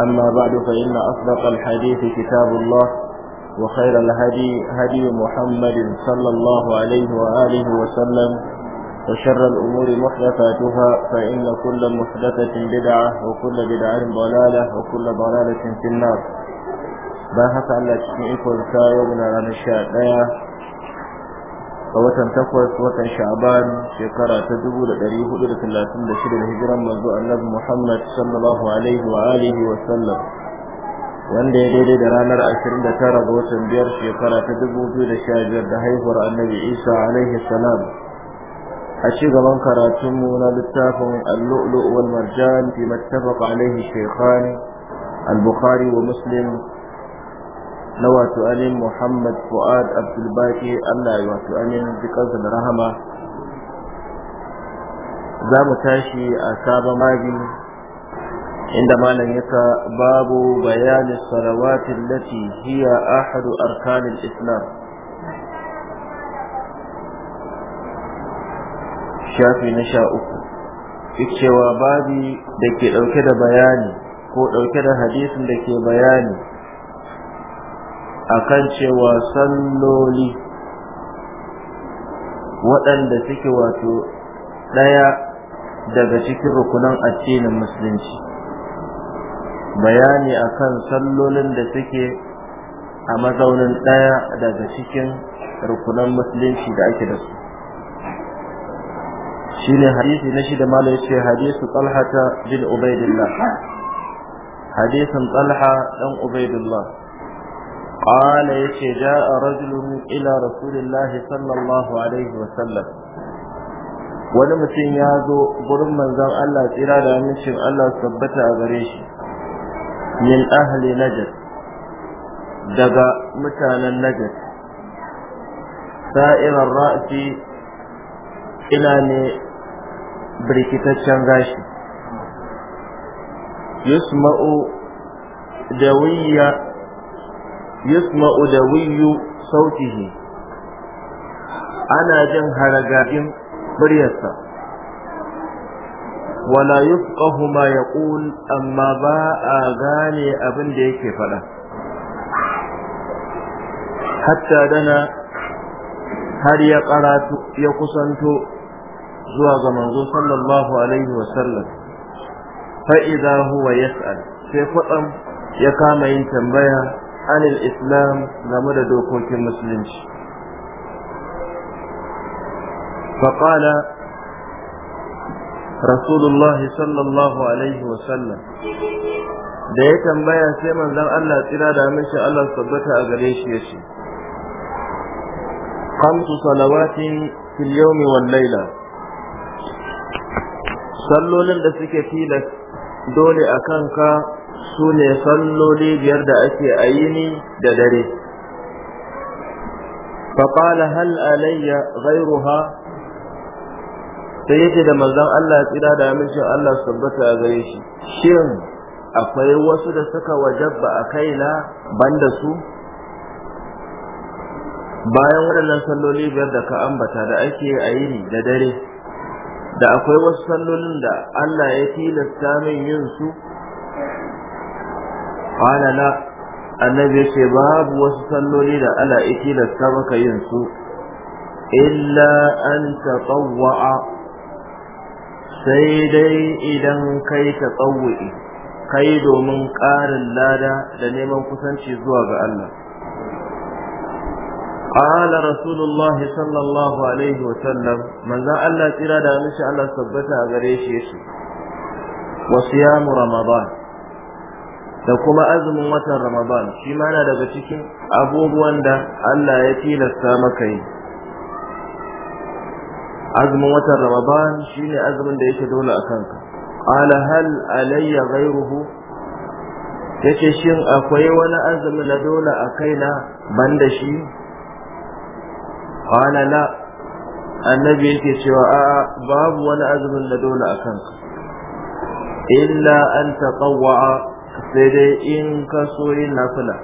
أما بعد فإن أصدق الحديث كتاب الله وخير الهدي هدي محمد صلى الله عليه وآله وسلم وشر الأمور محدثاتها فإن كل محدثة بدعة وكل بدعة ضلالة وكل ضلالة في النار باهت على تشميع كل يومنا عن الشاعر a watan takwas watan sha'ban shekara ta dubu da ɗari hudu da talatin da shida da hijiran manzo annabi muhammad sallallahu alaihi wa alihi wa sallam wanda ya daidai da ranar ashirin da tara ga watan biyar shekara ta dubu biyu da sha biyar da haihuwar annabi isa alaihi salam a ci gaban karatunmu na littafin al-lu'lu' wal marjan fi mattafaqa alaihi shaykhan al-bukhari wa muslim na wato anin Muhammad Fuad Abdulbaki Allah ya wato anin zikansa da rahama za mu tashi a sabon magi inda malam yaka babu bayanin salawatin lati hiya ahadu arkanin islam shafi na sha uku cewa babi da ke ɗauke da bayani ko ɗauke da hadisin da ke bayani akan cewa salloli waɗanda suke wato ɗaya daga cikin rukunan addinin musulunci bayani akan sallolin da suke a mazaunin ɗaya daga cikin rukunan musulunci da ake da su shine hadisi na shida mala ce hadisu talhata bin ubaidillah hadisin talha ɗan ubaidillah قال يتي جاء رجل إلى رسول الله صلى الله عليه وسلم ولمتين يازو قرم من ذا الله إرادة منشم الله ثبت أغريش من أهل نجد دقا متانا نجد سائر الرأس إلى بركتة شنغاشي يسمع دوية yusma'u dawiyu sautihi ana jin haragadin muryarsa wala yufqahu ma yaqul amma ba a gane abin da yake faɗa hatta dana har ya karatu ya kusanto zuwa ga manzo sallallahu alaihi wa sallam fa idza huwa yas'al sai kwatsam ya kama yin tambaya anil islam game da dokokin musulunci فقال رسول الله صلى الله عليه وسلم da ya tambaya sai manzon Allah tsira da mishi Allah tabbata a gare shi yace khamsu salawatin fil yawmi wal layla sallolin da suke tilas dole akan ka su ne salloli biyar da ake a da dare faƙala hal alayya ghairuha sai yake da manzon Allah ya tsira da amincin Allah su tabbata a gare shi shin akwai wasu da suka wajabba a kaina banda su bayan waɗannan salloli biyar da ka ambata da ake a da dare da akwai wasu sallolin da Allah ya tilasta min yin su na la annabi yace babu wasu salloli da ala iki da ta maka yin su Ila an tatawwa sai dai idan kai tatawwi kai domin ƙarin lada da neman kusanci zuwa ga Allah قال رسول الله صلى الله عليه وسلم من ذا الله ترى دا مش الله ثبتها غريش يشي وصيام رمضان da kuma azumin watan Ramadan shi ma daga cikin abubuwan da Allah ya tilasta maka yi azumin watan Ramadan shine azumin da yake dole a kanka qala hal alayya ghayruhu yace shin akwai wani azumi na dole a kaina da shi qala la annabi yake cewa a babu wani azumin na dole a kanka illa an sai dai in ka so yin nafila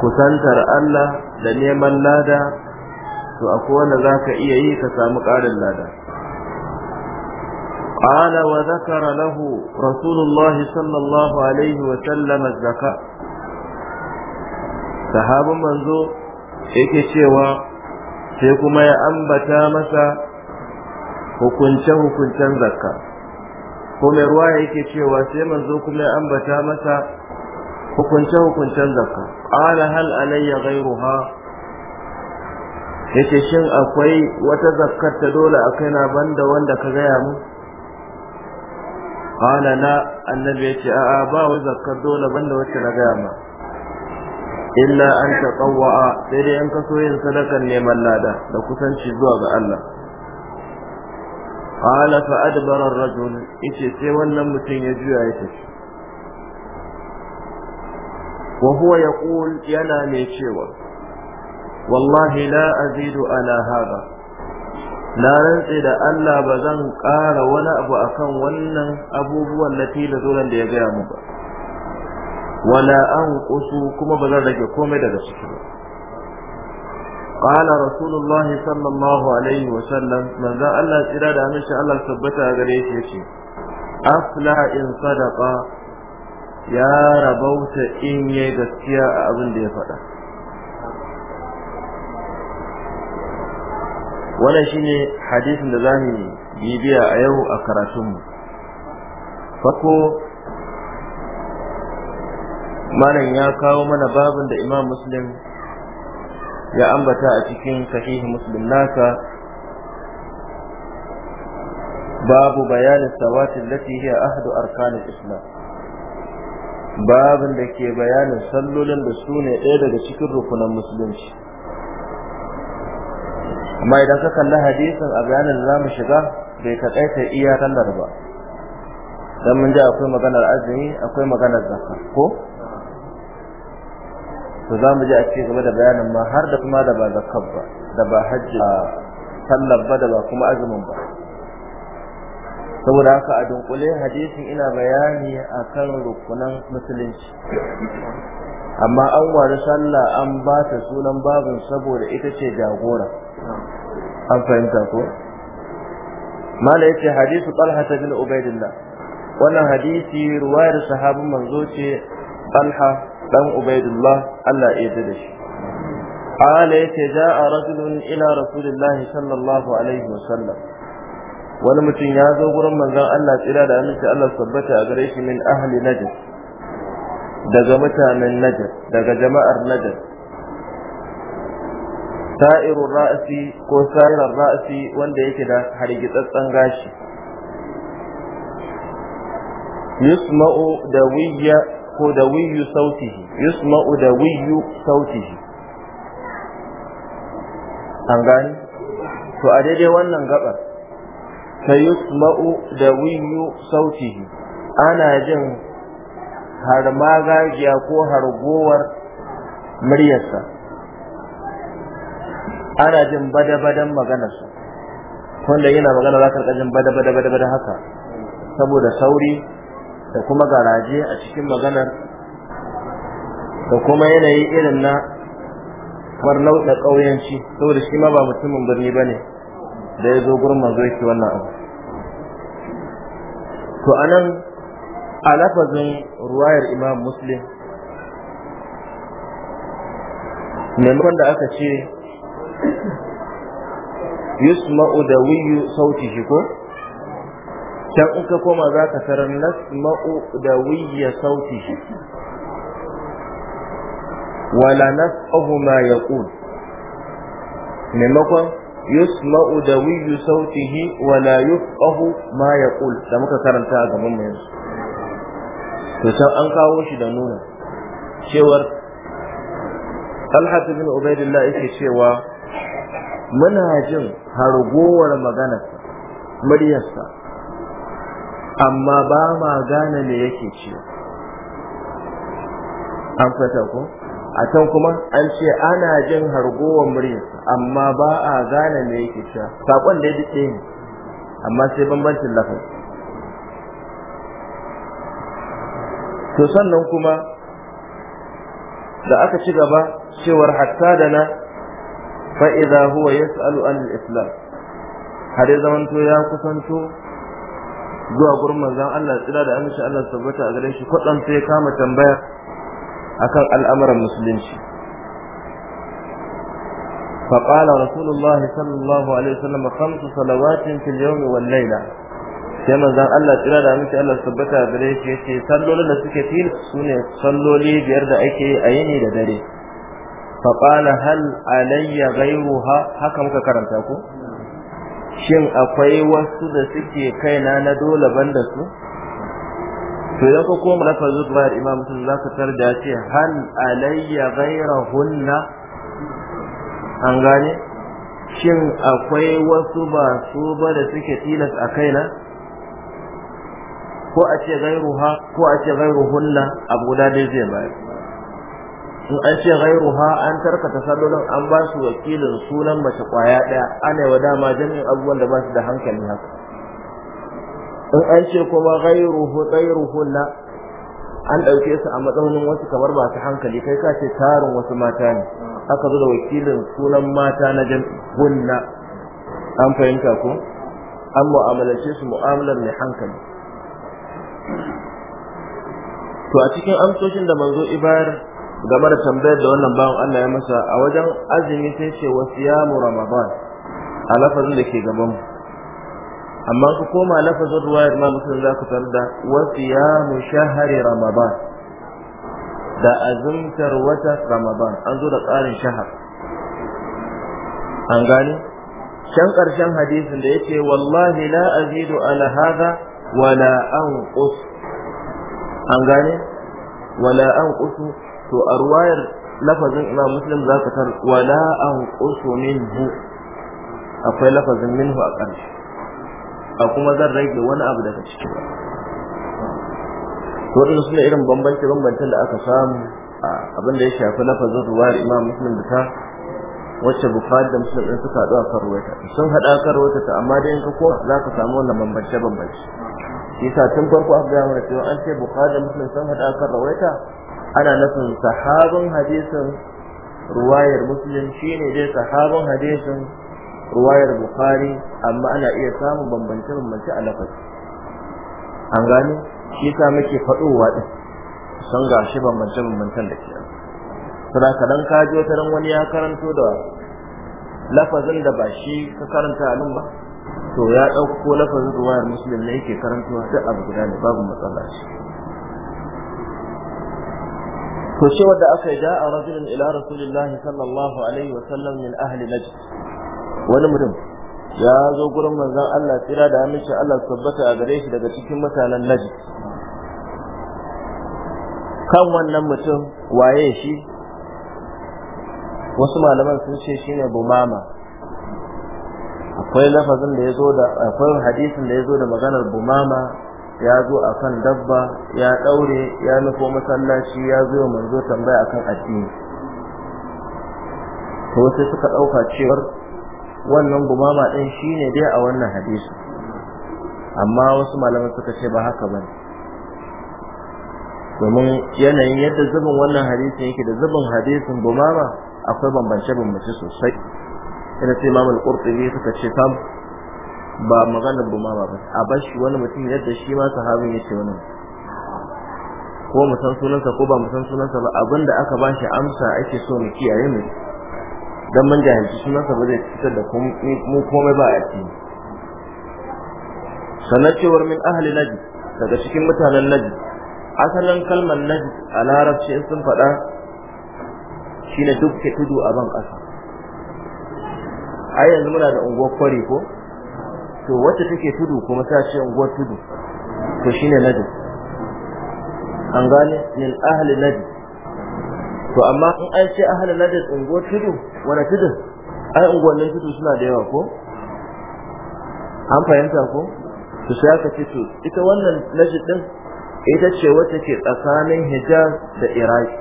kusantar Allah da neman lada to akwai wanda za ka iya yi ka samu ƙarin lada قال وذكر له رسول الله صلى الله عليه وسلم الزكاة صحاب منذ yake cewa sai kuma ya ambata masa hukunce-hukuncen zakka ko mai ruwa yake cewa sai manzo kuma ya ambata masa hukunce hukuncen zakka qala hal alayya ghayruha yace shin akwai wata zakkar ta dole a na banda wanda ka gaya mu qala la annabi yace a'a ba wai zakkar dole banda wacce na gaya ma illa an taqwa sai dai an kaso yin sadakar neman lada da kusanci zuwa ga Allah qala fa adbara ar-rajul yace sai wannan mutum ya juya ya tafi wa huwa yaqul yana mai cewa wallahi la azidu ala hada na rantse da Allah ba zan ƙara wani abu akan wannan abubuwan na tilazoran da ya gaya mu ba wala an kuma ba zan rage komai daga su ba قال رسول الله صلى الله عليه وسلم من ذا الله ترى ده مش الله ثبتها غريش يشي أفلا إن صدق يا ربوت إن يدسيا أبن دي فدا wannan shine hadisin da zamu bibiya a yau a karatunmu fako malam ya kawo mana babin da imam muslim ya ambata a cikin sahih muslim naka babu bayanin sawatin lati hiya ahadu arkanin islam babin da ke bayanin sallolin da su ne ɗaya daga cikin rukunan musulunci amma idan ka kalli hadisin a bayanin da za shiga bai taƙaita iya sallar ba don mun ji akwai maganar azumi akwai maganar zakka ko to za mu je a cikin game da bayanin ma har da kuma da ba zakar ba da ba hajji sallar ba da ba kuma azumin ba saboda haka a dunkule hadisin ina bayani akan rukunan musulunci amma an wari sallah an ba ta sunan babin saboda ita ce jagora an fahimta ko mala yace hadisu talha bin ubaidillah wannan hadisi ruwayar sahabin manzo ce talha dan ubaidullah Allah ya yarda da shi qala yace ja'a rajulun ila rasulillahi sallallahu alaihi wasallam wani mutum ya zo gurin manzon Allah tsira da aminci Allah tabbata a gare shi min ahli najd daga mutanen najd daga jama'ar najd sa'irun ra'asi ko sa'irar rasi wanda yake da hargitsatsen gashi yusma'u da wiyya ko da wiyu sautihi yusma'u da wiyu sautihi an gani to a daidai wannan gabar ta yusma'u da wiyu sautihi ana jin har magajiya ko hargowar muryarsa ana jin bada-badan su, wanda yana magana za ka jin bada-bada-bada haka saboda sauri da kuma garaje a cikin maganar da kuma yanayi irin na farnau da ƙauyenci saboda shi ma ba mutumin birni ba ne da ya zo gurin manzo yake wannan abu to anan a lafazin ruwayar imam muslim maimakon da aka ce yusma'u da wiyu sauti shi ko dan in ka koma za ka tarar nasma'u da wiyya sauti wala nas'ahu ma yaqul maimakon yusma'u da wiyyu sautihi wala yufqahu ma yaqul da muka karanta a gaban mu yanzu to can an kawo shi da nuna cewar Talha bin Ubaidillah yake cewa muna jin hargowar maganarsa muryarsa amma ba ma gane me yake ce an fata ko a can kuma an ce ana jin hargowar muryarsa amma ba a gane me yake cewa saƙon da ya daɗe ne amma sai bambancin lafai to sannan kuma da aka ci gaba cewar hatta da na fa'iza huwa yas'alu an islam har ya zamanto ya kusanto zuwa gurin manzon Allah tsira da amince Allah tabbata a gare shi kwatsam sai kama tambaya akan al'amuran musulunci فقال رسول الله صلى الله عليه وسلم خمس صلوات في اليوم والليلة sai manzon Allah tsira da miki Allah tabbata gare shi yace sallolin da suke fil sune salloli biyar da ake yi a yini da dare fa hal alayya ghayruha haka muka karanta ku? shin akwai wasu da suke kaina na dole banda da su to ko ka koma lafazin zubair imam sun za ka tarda ce hal alayya hunna an gane shin akwai wasu ba su ba da suke tilas a kaina ko a ce ghayruha ko a ce gairu hunna abu da zai bayar in an ce ghairuha an tarkata sallolin an ba su wakilin sunan mace kwaya daya ana wa dama jami'in abubuwan da ba su da hankali haka in an ce kuma ghairuhu na an dauke su a matsaunin wasu kamar masu hankali kai ka ce tarin wasu mata ne aka zo da wakilin sunan mata na jami'unna an fahimta ko an mu'amalace su mu'amalar mai hankali to a cikin amsoshin da manzo ibar game da tambayar da wannan bawan Allah ya masa a wajen azumi sai ce wa siyamu ramadan a lafazin da ke gaban amma ku koma lafazin ruwayar ma musulun za ku tarda wa siyamu shahari ramadan da azumtar wata ramadan an zo da tsarin shahar an gane can ƙarshen hadisin da yake wallahi la azidu ala hada wala anqus an gane wala anqusu to a ruwayar lafazin imam muslim za ka tar wala an qusu minhu akwai lafazin minhu a ƙarshe a kuma zan rage wani abu daga ciki ba to waɗanda suna irin bambance bambancen da aka samu a abin da ya shafi lafazin ruwayar imam muslim da ta wacce bukhari da muslim ɗin suka haɗu a kan ruwayar sun haɗa kan ruwayar ta amma dai in ka koma za ka samu wannan bambance bambance shi sa tun farko aka gaya mana cewa an ce bukhari da muslim sun haɗa kan ruwayar ana nufin sahabin hadisin ruwayar muslim shine dai sahabin hadisin ruwayar bukhari amma ana iya samun bambance bambance a lafazi an gane shi ta muke faɗowa ɗin, san ga shi bambance bambancen da ke sana ka dan kaji wata ran wani ya karanto da lafazin da ba shi ka karanta a nan ba to ya ɗauko lafazin ruwayar muslim ne yake karantowa duk abu guda ne babu matsala shi to ce wanda aka ja a rajulun ila rasulillahi sallallahu alaihi wa sallam min ahli najd wani mutum ya zo gurin manzon Allah tsira da aminci Allah tabbata a gare shi daga cikin mutanen najd kan wannan mutum waye shi wasu malaman sun ce shine bumama akwai lafazin da ya zo da akwai hadisin da ya zo da maganar bumama ya zo a kan dabba ya ɗaure ya nufo masallaci ya zo manzo tambaya akan addini to sai suka ɗauka cewar wannan gumama ɗin shine dai a wannan hadisi amma wasu malaman suka ce ba haka ba ne. domin yanayin yadda zubin wannan hadisin yake da zubin hadisin gumama akwai bambance-bambance sosai ina sai imam al-qurtubi suka ce sam ba magana ma ba a bar shi wani mutum yadda shi ma sahabin yake wani ko mu san sunansa ko ba mu san sunansa ba abinda aka ba shi amsa ake so mu kiyaye mu dan mun jahilci sunansa ba zai fitar da mu komai ba a ciki sannan cewar min ahli naji daga cikin mutanen naji asalin kalmar naji a larabci sun faɗa shine duk ke tudu a ban ƙasa ai yanzu muna da unguwar kwari ko to wacce take tudu kuma ta ce unguwar tudu to shi ne nadi an gane min ahli nadi to amma in an ce ahli nadi unguwar tudu wani tudu? ai unguwannin tudu suna da yawa ko an fahimta ko to sai aka ce to ita wannan nadi din ita ce wacce ke tsakanin hijaz da iraki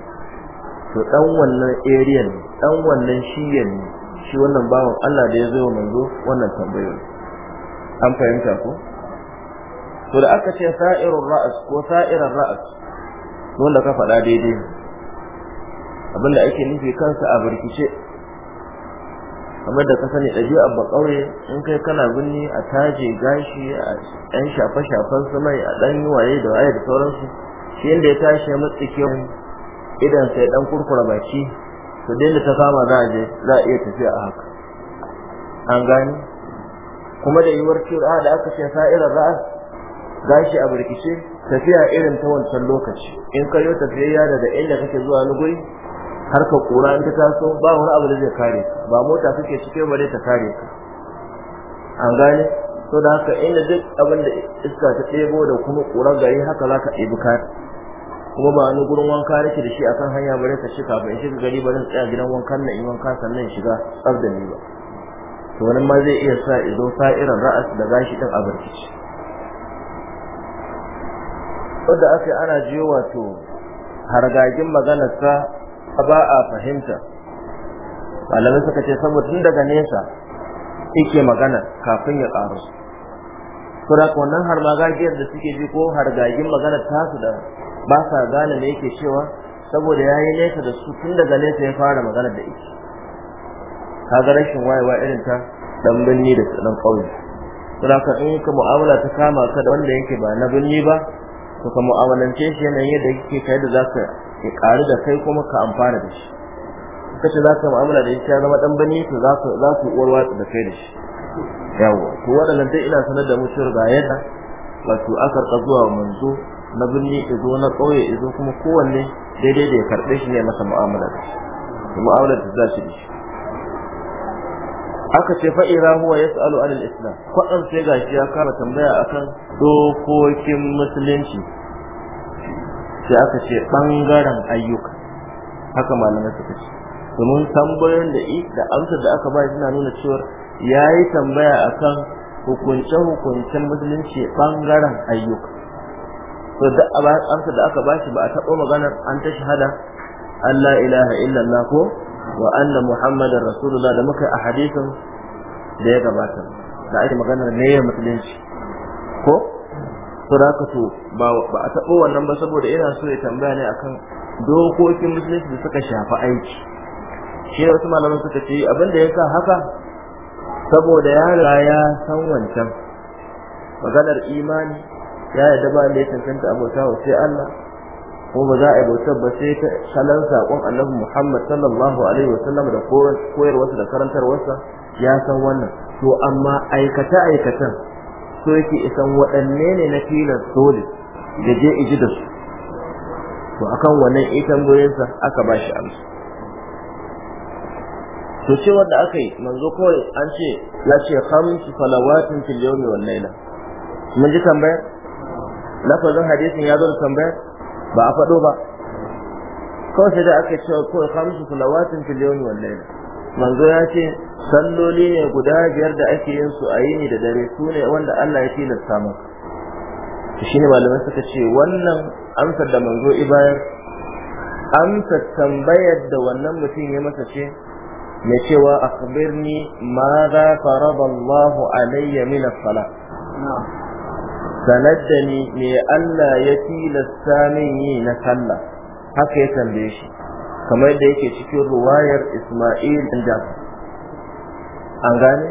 to dan wannan area ne dan wannan shiyan ne shi wannan bawan Allah da ya zo manzo wannan tambayoyi an fahimta ko to da aka ce sa'irul ra'as ko sa'irar ra'as wanda ka faɗa daidai abinda ake nufi kansa a birkice kamar da ka sani ɗabi'ar abba ƙauye in kai kana binni a taje gashi a ɗan shafe-shafen su mai a ɗan yi waye da waye da sauransu shi yadda ya tashi ya matsike idan sai ɗan kurkura baki to da ta kama za a je za iya tafiya a haka an gani kuma da yiwuwar cewa da aka ce sa'irar ra'as gashi a burkice tafiya irin ta wancan lokaci in ka yi tafiyayya daga inda kake zuwa wani har ka kura in ka taso ba wani abu da zai kare ba mota suke cike ba ta kare ka an gane so da haka inda duk abin da iska ta ɗebo da kuma ƙurar gari haka za ka ɗebi ka kuma ba wani gurin wanka nake da shi akan hanya bare ka shi kafin in shiga gari ba zan tsaya gidan wankan na in wanka sannan shiga tsar da ni ba to wani ma zai iya sa izo irin ra'as da gashi din a barkici wanda aka ana jiyo wato hargagin maganarsa ba a fahimta malamin suka ce saboda tun daga nesa yake magana kafin ya ƙaru da wannan harmagagiyar da suke ji ko hargagin maganar tasu da ba sa gane me yake cewa saboda ya yi nesa da su tun daga nesa ya fara maganar da ita kaga rashin wayewa irin ta dan binni da dan kauye saboda in ka mu'amala ta kama ka da wanda yake ba na binni ba to ka mu'amalance shi yanayin yadda yake kai da zaka ki karu da kai kuma ka amfana da shi kace za ka mu'amala da shi ya zama dan binni to za zaka uwar watsa da kai da shi yawa to waɗannan dai ina sanar da mu shi ga yadda wato akar ka zuwa manzo na binni izo na kauye izo kuma kowanne daidai da ya karɓe shi ne masa mu'amala da shi mu'amala da za shi da shi aka ce fa idza huwa yas'alu anil islam kwadan sai gashi ya kara tambaya akan dokokin musulunci sai aka ce bangaren ayyuka haka malamai suka ce domin tambayoyin da da amsar da aka ba suna nuna cewa yayi tambaya akan hukunce-hukuncen musulunci bangaren ayyuka to da amsar da aka ba shi ba a taɓa maganar an ta shahada Allah ilaha illallah ko wa anna muhammadar rasulullah da muka a hadisin da ya gabata da ake maganar ne ya mutunci ko to ba a taɓo wannan ba saboda ina so ya tambaya ne akan dokokin musulunci da suka shafi aiki shi ne wasu malaman suka ce abin da ya sa haka saboda yara ya san wancan maganar imani ya yarda ba da ya cancanta abota sai Allah ko ba za a yi bautar ba sai ta salon saƙon annabi Muhammad sallallahu alaihi wasallam da koyarwarsa da karantarwarsa ya san wannan to amma aikata aikatan so yake isan waɗanne ne na filan dole da je iji da su to akan wannan itan goyensa aka ba shi amsa to ce wanda aka yi manzo kawai an ce ya ce khamsu salawatin fil yawmi wal laila mun ji tambayar lafazin hadisin ya zo tambayar ba a faɗo ba kawai sai da aka cewa kawai kamsu salawatin fil yawmi wal layla manzo ya ce salloli ne guda biyar da ake yin su a yini da dare su ne wanda Allah ya tilasta maka shi ne malamai suka ce wannan amsar da manzo ibaya amsar tambayar da wannan mutum ya masa ce mai cewa akhbirni ma za farada Allahu alayya min as-salat sanaddani ni me Allah ya tilasta min yi na sallah haka ya tambaye shi kamar da yake cikin ruwayar Isma'il bin Jafar an gane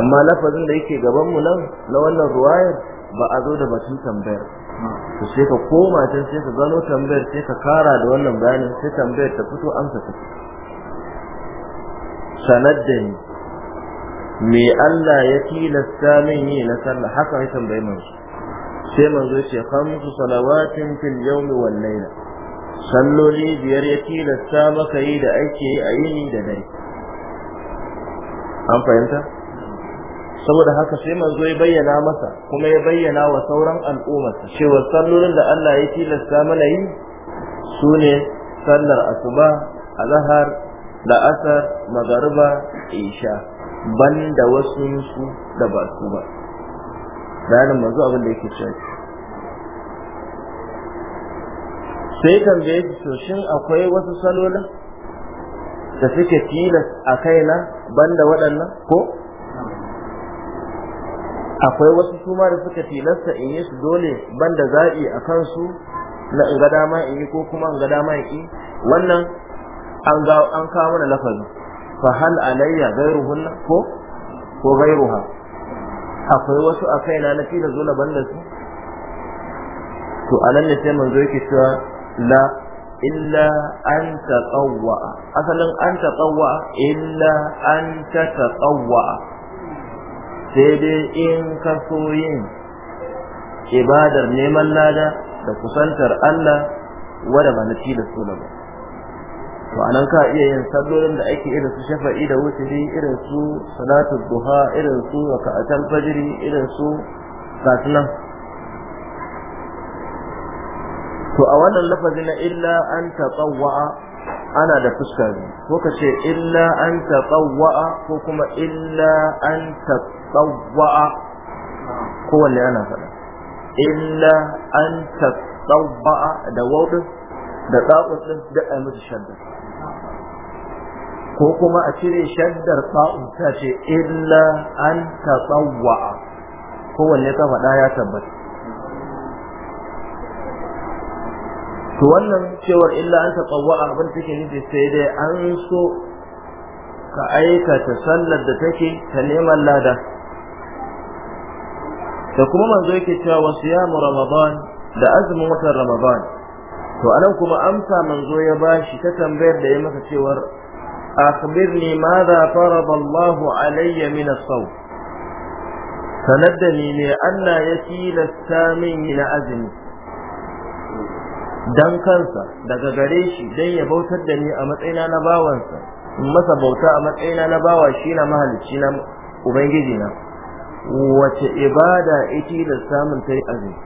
amma lafazin da yake gaban mu nan na wannan ruwayar ba a zo da batun tambayar to sai ka koma can sai ka gano tambayar sai ka kara da wannan bayanin sai tambayar ta fito amsa ta sanaddani ni me Allah ya tilasta min yi na sallah haka ya tambaye mu. sai manzo ce khamsu salawatin fil yawmi wal layla salloli biyar ya tilasta maka yi da ake yi a yini da dare an fahimta saboda haka sai manzo ya bayyana masa kuma ya bayyana wa sauran al'umma. cewa sallolin da Allah ya tilasta mana yi sune sallar asuba azhar la'asar magariba isha banda wasu su da ba su ba manzo abin da yake cewa sai tambaye su to shin akwai wasu salolin da suke tilas a kaina banda waɗannan ko akwai wasu suma da suka tilasta in yi su dole banda za'i a kansu na in ga dama in yi ko kuma in ga dama in yi wannan an ga an kawo mana lafazi fa hal alayya ghayruhunna ko ko ghayruha akwai wasu a kaina na tilas dole banda su to anan ne sai manzo yake cewa la illa an taqawwa asalin an taqawwa illa an tataqawwa sai dai in ka so ibadar neman lada da kusantar Allah wanda ba da su ba to anan ka iya yin sallolin da ake irin su shafa'i da wuturi irin su salatul duha irin su raka'atul fajr irin su gasunan to a wannan lafazi na illa an taqawwa ana da fuskari, ko ka ce illa an taqawwa ko kuma illa an taqawwa ko wanne ana faɗa illa an taqawwa da wawdin da tsa'ud din da a musu shadda ko kuma a cire shaddar tsa'ud ta ce illa an taqawwa ko wanne ka faɗa ya tabbata to wannan cewar illa an taqawwa abin take nufi sai dai an so ka aikata sallar da take ta neman lada da kuma manzo yake cewa wasu yamu ramadan da azumin watan ramadan to anan kuma amsa manzo ya bashi ta tambayar da ya masa cewar akhbirni madha farada Allahu alayya min as-sawm sanadda ne Allah ya tilasta min ila azumi dan kansa daga gare shi dan ya bautar da ni a matsayina na bawansa in masa bauta a matsayina na bawa shi na mahalicci na ubangiji na wace ibada ita da samun tai azumi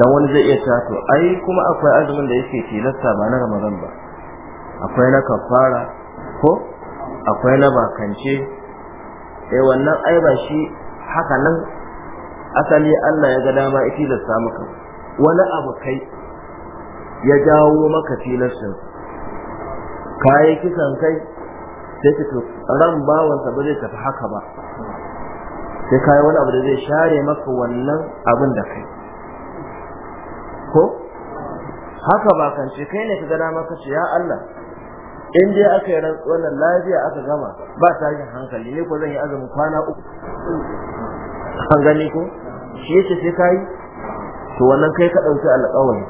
dan wani zai iya ta to ai kuma akwai azumin da yake tilasta ba na ramadan ba akwai na kafara ko akwai na bakance eh wannan ai ba shi haka nan asali Allah ya ga dama da samu maka wani abu kai ya jawo maka tilastin kayi kisan kai sai ka ran bawansa ba zai tafi haka ba sai kayi wani abu da zai share maka wannan abin da kai ko haka ba kan ce kai ne ka gada maka ce ya Allah in dai aka yi rantsuwar lafiya aka gama ba tashin hankali ne ko zan yi azumin kwana uku an gani ko shi yake sai kayi to wannan kai ka dauki alƙawari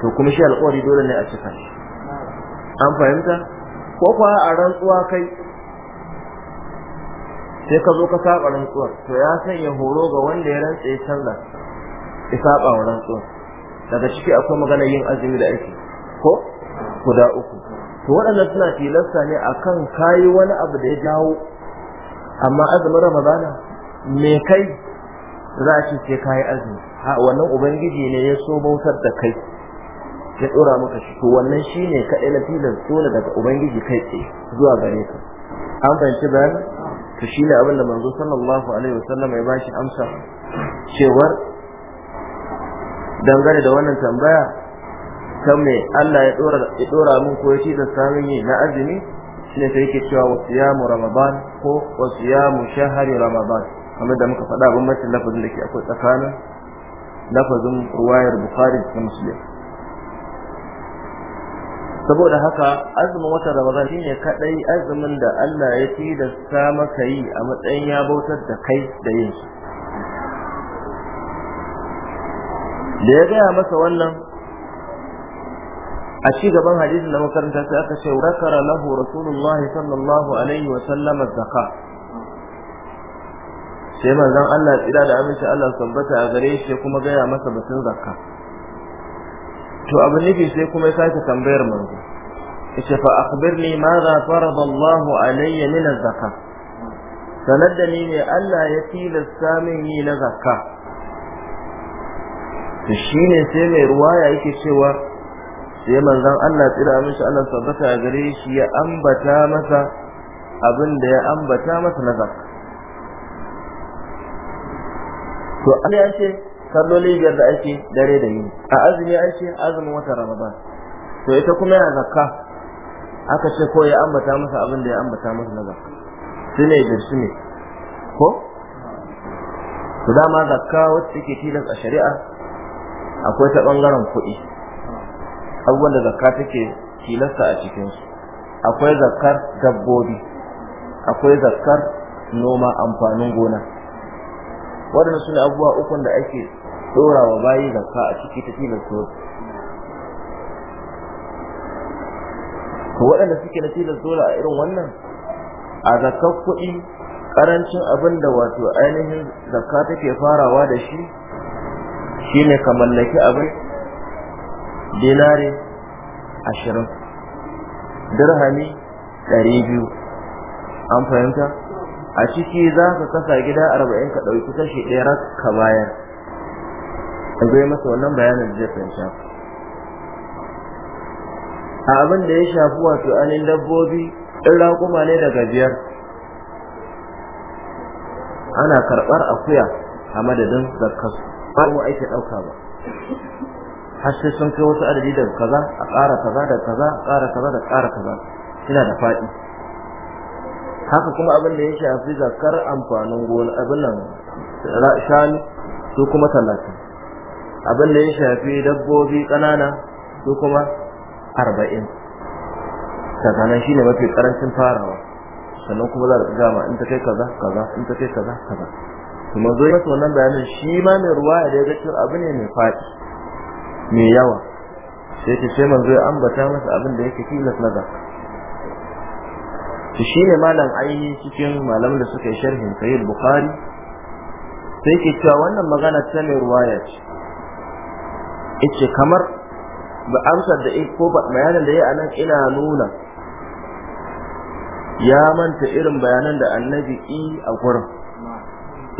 to kuma shi alƙawari dole ne a cika an fahimta ko kuwa a rantsuwa kai sai ka zo ka saba rantsuwar to ya sanya horo ga wanda ya rantse ya canza ya saba wa rantsuwar daga ciki akwai magana yin azumi da aiki ko guda uku to waɗannan suna tilasta ne a kan kayi wani abu da ya jawo amma azumin ramadana me kai za a ce sai azumi a wannan ubangiji ne ya so bautar da kai ya dora maka shi to wannan shine kadai na filan dole daga ubangiji kai tsaye zuwa gare ka an fahimci bayan to shine abin da manzo sallallahu alaihi wasallam ya bashi amsa cewar dangane da wannan tambaya kan me Allah ya dora ya dora mun ko ya da samun yi na azumi shine sai yake cewa wa siyamu ramadan ko wa siyamu shahri ramadan kamar da muka faɗa bambancin lafazin da ke akwai tsakanin lafazin ruwayar bukhari da muslim saboda haka azumin watan ramadan shine kadai azumin da Allah ya fi sa maka yi a matsayin ya bautar da kai da yin da ya gaya masa wannan a ci gaban hadisin da makaranta sai aka ce rakara lahu rasulullahi sallallahu alaihi wa sallama zakka sai manzon Allah tsira da aminci Allah sabbata a gare shi kuma gaya masa batun zakka to abin nufi sai kuma ya sake tambayar manzo yace fa akhbirni madha farada Allah alayya min zakka sanar da ni ne Allah ya tilasta min yi na zakka to shine sai mai ruwaya yake cewa sai manzon Allah tsira da mishi Allah sabbata a gare shi ya ambata masa abin da ya ambata masa na zakka to an ya ce salloli biyar da ake dare da yini a azumi an ce azumin wata ramadan to ita kuma yana zakka aka ce ko ya ambata masa abin da ya ambata masa na zakka su ne da su ne ko to dama zakka wacce take tilas a shari'a akwai ta bangaren kuɗi abubuwan da zakka take tilasta a cikinsu akwai zakkar dabbobi akwai zakkar noma amfanin gona waɗannan suna abubuwa ukun da ake dora wa bayi ka a ciki ta su wadanda waɗanda suke na tilasta dole a irin wannan a zakar kuɗi karancin abin da wato ainihin zakka take farawa da shi shine ka mallaki abin dinare ashirin dirhami ɗari biyu an fahimta a ciki za ka kasa gida arba'in ka ɗauki kashi ɗaya ka bayan a zai masa wannan bayanin da zai a abin da ya shafi wato anin dabbobi ɗin raƙuma ne daga biyar ana karɓar akuya a madadin zakkasu ba mu aiki ɗauka ba har sai sun kai wasu adadi daga kaza a ƙara kaza da kaza a ƙara kaza da ƙara kaza suna da faɗi haka kuma abin da ya shafi zakar amfanin gona abin nan shanu su kuma talatin abin da ya shafi dabbobi kanana su kuma arba'in tsakanin shine mafi karancin farawa sannan kuma za a gama in ta kai kaza kaza in ta kai kaza kaza kuma zo ya wannan bayanin shi ma mai ruwa da ya ga cikin abu ne mai faɗi mai yawa sai ce manzo ya ambata masa abin da yake tilas na to shine malam ainihin cikin malam da suka yi sharhin sahih bukhari sai ke cewa wannan magana ta mai ruwaya ce ce kamar ba amsar da ko ba bayanan da ya anan ina nuna ya manta irin bayanan da annabi i a gurin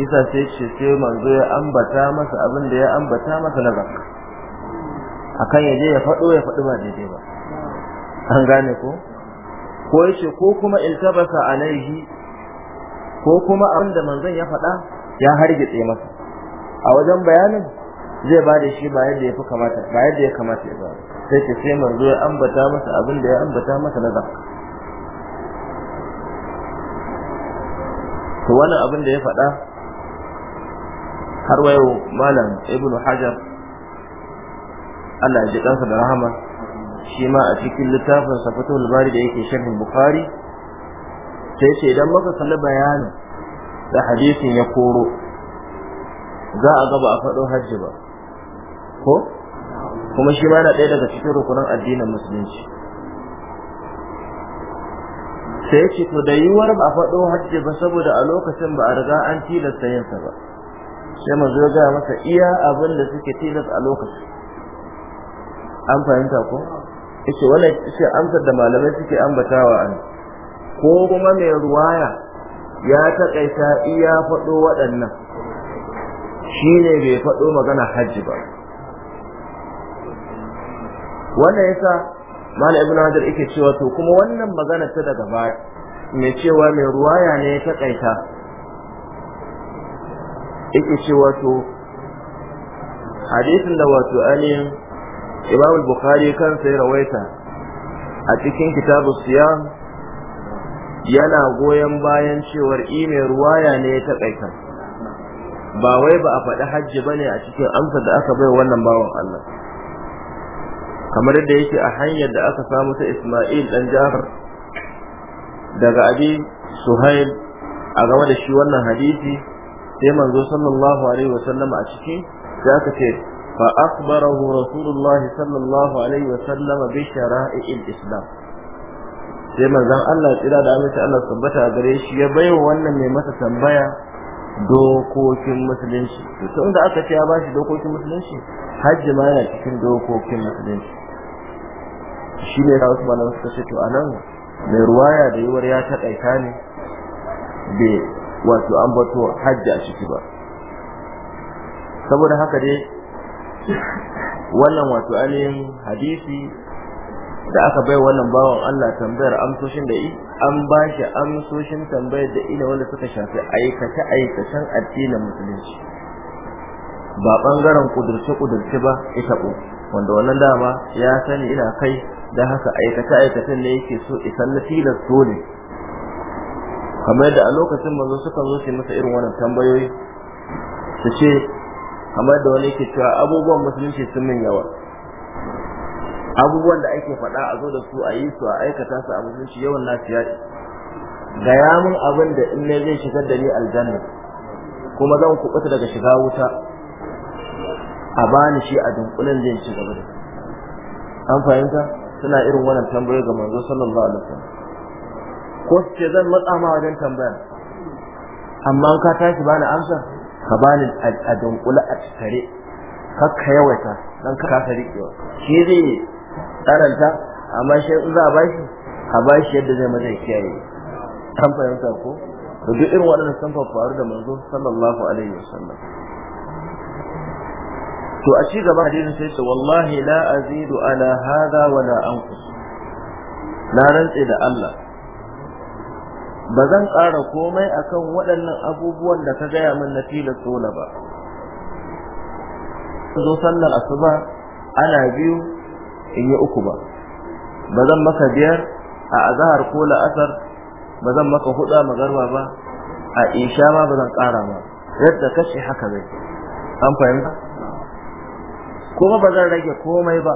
isa sai ce sai manzo ya ambata masa abin da ya ambata masa na zakka akan ya je ya faɗo ya faɗi ba daidai ba an gane ko ko yace ko kuma iltabasa alaihi ko kuma abinda manzon ya faɗa ya hargitse masa a wajen bayanin zai ba da shi ba yadda ya fi kamata ba yadda ya kamata ya ba sai ce sai manzo ya ambata masa abin da ya ambata masa na zakka to wannan abin da ya faɗa har wayo malam ibnu hajar Allah ya ji kansa da rahama shi ma a cikin littafin sa fatul bari da yake sharhin bukhari sai sai idan muka kalli bayani da hadisin ya koro za a ga a faɗo hajji ba ko kuma shi ma yana ɗaya daga cikin rukunin addinin musulunci sai ce to da yiwuwar ba a faɗo hajji ba saboda a lokacin ba a riga an tilasta yinsa ba sai manzo ya gaya masa iya abin da suke tilas a lokacin an fahimta ko yace wannan shi amsar da malamai suke ambatawa an ko kuma mai ruwaya ya takaita iya faɗo waɗannan shine bai faɗo magana haji ba wannan yasa malam ibnu hajar yake cewa to kuma wannan magana ta daga baya mai cewa mai ruwaya ne ya takaita yake cewa to hadisin da wato ainihin imam al-bukhari kansa ya rawaita a cikin kitabu siyam yana goyon bayan cewar ime ruwaya ne ya taƙaita ba wai ba a faɗi hajji bane a cikin amsa da aka bai wannan bawan Allah kamar yadda yake a hanyar da aka samu ta Isma'il dan Jafar daga Abi Suhail a game da shi wannan hadisi sai manzo sallallahu alaihi wasallam a ciki sai aka ce فأخبره رسول الله صلى الله عليه وسلم بشرائع الإسلام sai manzon Allah ya tsira da amince Allah tabbata a gare shi ya baiwa wannan mai masa tambaya dokokin musulunci to tun da aka ce ya bashi dokokin musulunci hajji ma yana cikin dokokin musulunci shi ne rawu malam suka ce to anan mai ruwaya da yuwar ya takaita ne bai wato bato hajji a ciki ba saboda haka dai wannan wato ainihin hadisi da aka bai wannan bawan Allah tambayar amsoshin da yi an ba shi amsoshin tambayar da ina wanda suka shafi aikace aikacen addinin musulunci ba bangaren kudurce kudurce ba ita ko wanda wannan dama ya sani ina kai da haka aikace aikacen ne yake so isan na tilas dole kamar da a lokacin manzo suka zo su masa irin wannan tambayoyi su ce kamar da wani ke cewa abubuwan musulunci sun min yawa abubuwan da ake faɗa a zo da su a yi su a aikata su a musulunci yawan nasu yaɗi gaya min abin da in ne zai shigar da ni aljanna kuma zan kuɓuta daga shiga wuta a bani shi a dunkulen zai ci gaba da an fahimta suna irin wannan tambayoyi ga manzo sallallahu alaihi wasallam ko su ce zan matsa ma wajen tambaya amma ka tashi bani amsa ka bani a dunkula a tare kakka yawaita dan ka kasa riƙewa shi zai tsaranta amma shi in za a bashi Ka bashi yadda zai maza kiyaye an fahimta ko to duk irin waɗannan sun faru da manzo sallallahu alaihi wasallam to a ci gaba hadisin sai ce wallahi la azidu ala hada wala anqus na rantse da Allah ba zan ƙara komai akan waɗannan abubuwan da ka gaya min na tilas sola ba zo sallar asuba ana biyu in yi uku ba ba zan maka biyar a azahar ko la'asar ba zan maka hudu a magarba ba a isha ma ba zan ƙara ba yadda kashi haka zai an fahimta kuma ba zan rage komai ba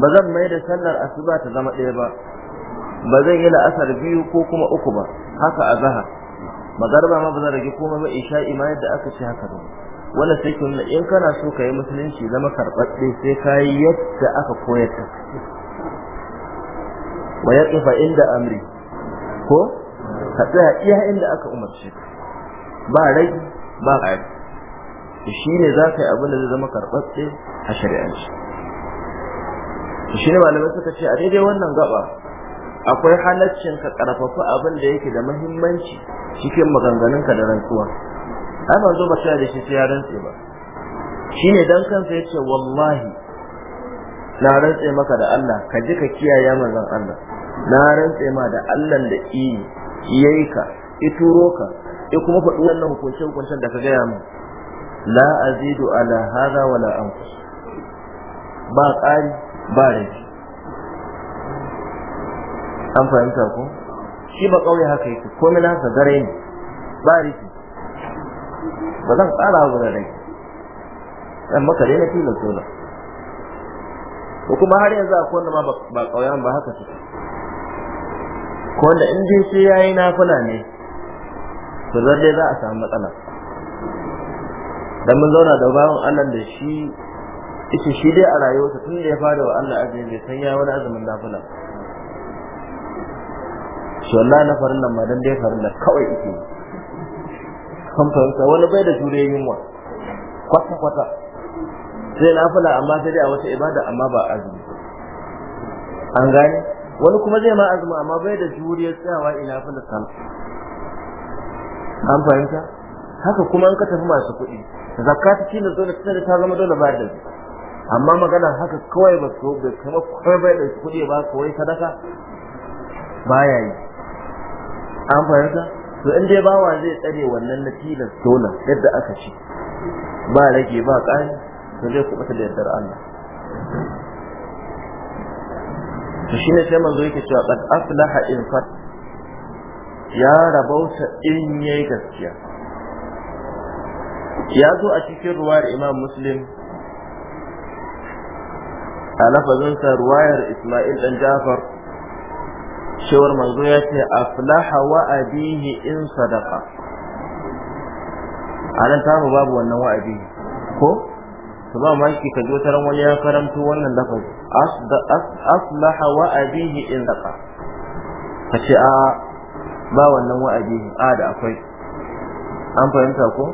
ba zan mai da sallar asuba ta zama ɗaya ba ba zan yi la'asar biyu ko kuma uku ba haka a zaha magarba ma ba zan rage komai ba isha'i ma yadda aka ce haka ba wanda sai kun in kana so ka yi musulunci zama karɓaɗɗe sai ka yi yadda aka koyar ta wa tsufa inda amri ko ka tsaya iya inda aka umarce ka ba rai ba ƙari shi ne za ka yi abin da zai zama karɓaɗɗe a shari'anci shi ne malamai suka ce a daidai wannan gaba akwai halaccin ka karfafa abin da yake da muhimmanci cikin maganganunka da rantsuwa ai manzo ba sai da shi ya rantse ba shine dan kansa yace wallahi na rantse maka da Allah ka ji ka kiyaye manzon Allah na rantse ma da Allah da i yayi ka ituro ka ya kuma faɗi wannan hukuncin hukuncin da ka gaya min la azidu ala hada wala anqus ba ƙari ba rage an fahimta ko shi ba kauye haka yake komai nasa gare ne ba riki ba zan tsara wa da rai dan maka dai na filin sola ko kuma har yanzu akwai wanda ma ba kauyen ba haka suke ko wanda in dai sai yayi kula ne to zarge za a samu matsala dan mun zauna da bawon Allah da shi ita shi dai a rayuwarsa tun da ya fara wa Allah azumi bai san ya wani azumin nafila shi na farin nan ma dan dai farin nan kawai yake kan fahimta wani bai da yin yunwa kwata kwata sai na fula amma sai dai a wata ibada amma ba azumi an gane wani kuma zai ma azumi amma bai da juriyar tsayawa ina fula sam an fahimta haka kuma an ka tafi masu kuɗi zakka ta kila dole ta zama dole ba da amma magana haka kawai ba su bai kuma kawai bai da kuɗi ba kawai sadaka baya yi an fahimta to in dai bawa zai tsare wannan na tilas yadda aka ce ba rage ba ƙari to zai kuɓuta da yardar Allah to shine sai manzo yake cewa qad aflaha in fat ya rabauta in yayi gaskiya ya zo a cikin ruwayar Imam Muslim a lafazin sa ruwayar Isma'il dan Jafar cewar manzo ya ce aflaha wa abihi in sadaqa a tamu babu wannan wa ko to ba ma ki kaje wata wani ya karanto wannan lafazi aflaha wa abihi in sadaqa kace a ba wannan wa a da akwai an fahimta ko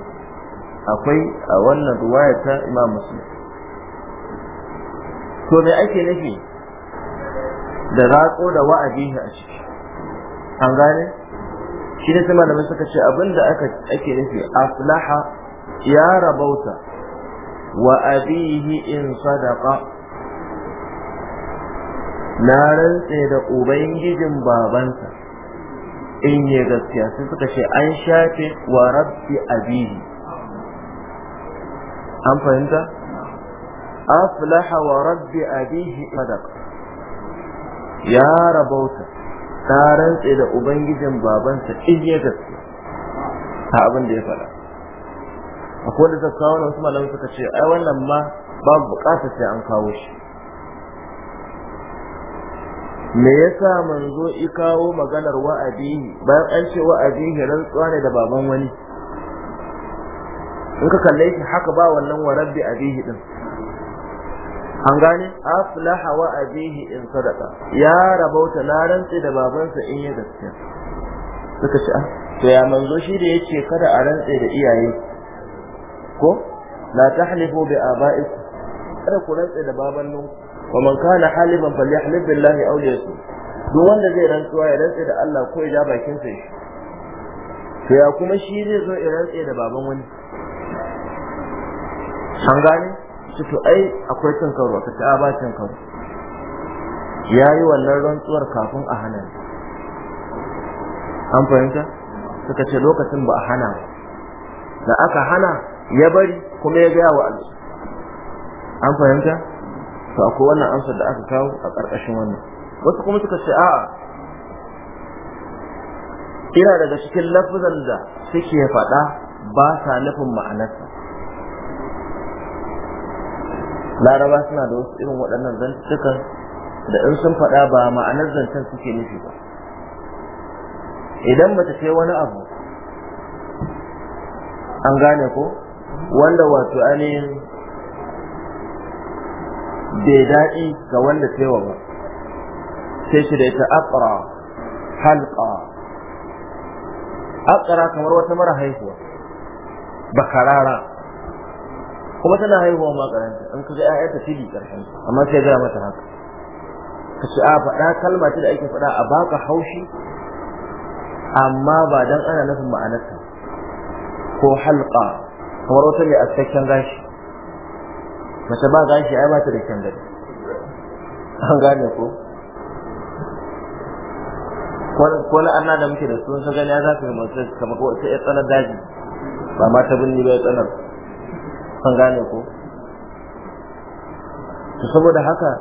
akwai a wannan ruwaya ta imam muslim to me ake nufi da ratso da wa'adi a ciki an gane shi ne sai malamai suka ce abinda aka ake nufi aflaha ya rabauta wa abihi in sadaqa na rantse da ubangijin babansa in ya gaskiya sai suka ce an shafe wa rabbi abihi an fahimta aflaha wa rabbi abihi sadaqa ya rabauta ta rantse da ubangijin babansa in ya gaske ta abin da ya faɗa akwai da suka kawo wasu malamai suka ce ai wannan ma ba bukata sai an kawo shi me yasa manzo i kawo maganar wa'adihi bayan an ce wa'adihi rantsuwa ne da baban wani in ka kalle shi haka ba wannan wa rabbi adihi din an gane aflaha wa abihi in sadaqa ya rabauta larantsi da babansa in ya gaskiya suka ce ah, to ya manzo shi da yace kada a rantse da iyaye ko la tahlifu bi aba'ikum kada ku rantse da babannin wa man kana haliban falyahlib billahi aw liyasum duk wanda zai rantsuwa ya rantse da Allah ko ya ja bakin sa shi to ya kuma shi zai zo ya rantse da baban wani an gane ci to ai akwai cin karo ka ba cin ya yi wannan rantsuwar kafin a hana an fahimta suka ce lokacin ba a hana da aka hana ya bari kuma ya gaya wa alsu an fahimta to akwai wannan amsar da aka kawo a ƙarƙashin wannan wasu kuma suka ce a'a ina daga cikin lafazan da suke faɗa ba sa nufin ma'anarsa laraba suna da wasu irin waɗannan zantukan da in sun faɗa ba ma'anar zancen suke nufi ba idan mace ce wani abu an gane ko wanda wato ainihin bai daɗi ga wanda cewa ba sai shi da ita akra halƙa akra kamar wata mara haihuwa bakarara kuma tana haihuwa ma karanta an kaga ƴaƴa ta fili karanta amma sai ga mata haka ka ce a faɗa kalma ce da ake faɗa a baka haushi amma ba dan ana nufin ma'anarta ko halqa kamar wata mai askakken gashi mace ba gashi ai ba ta da kyan gari an gane ko ko la'anna da muke da sun sa gani ya za ka ga masu kamar ko sai ya tsanar daji ba ma ta binni ba ya tsanar kan gane ko to saboda haka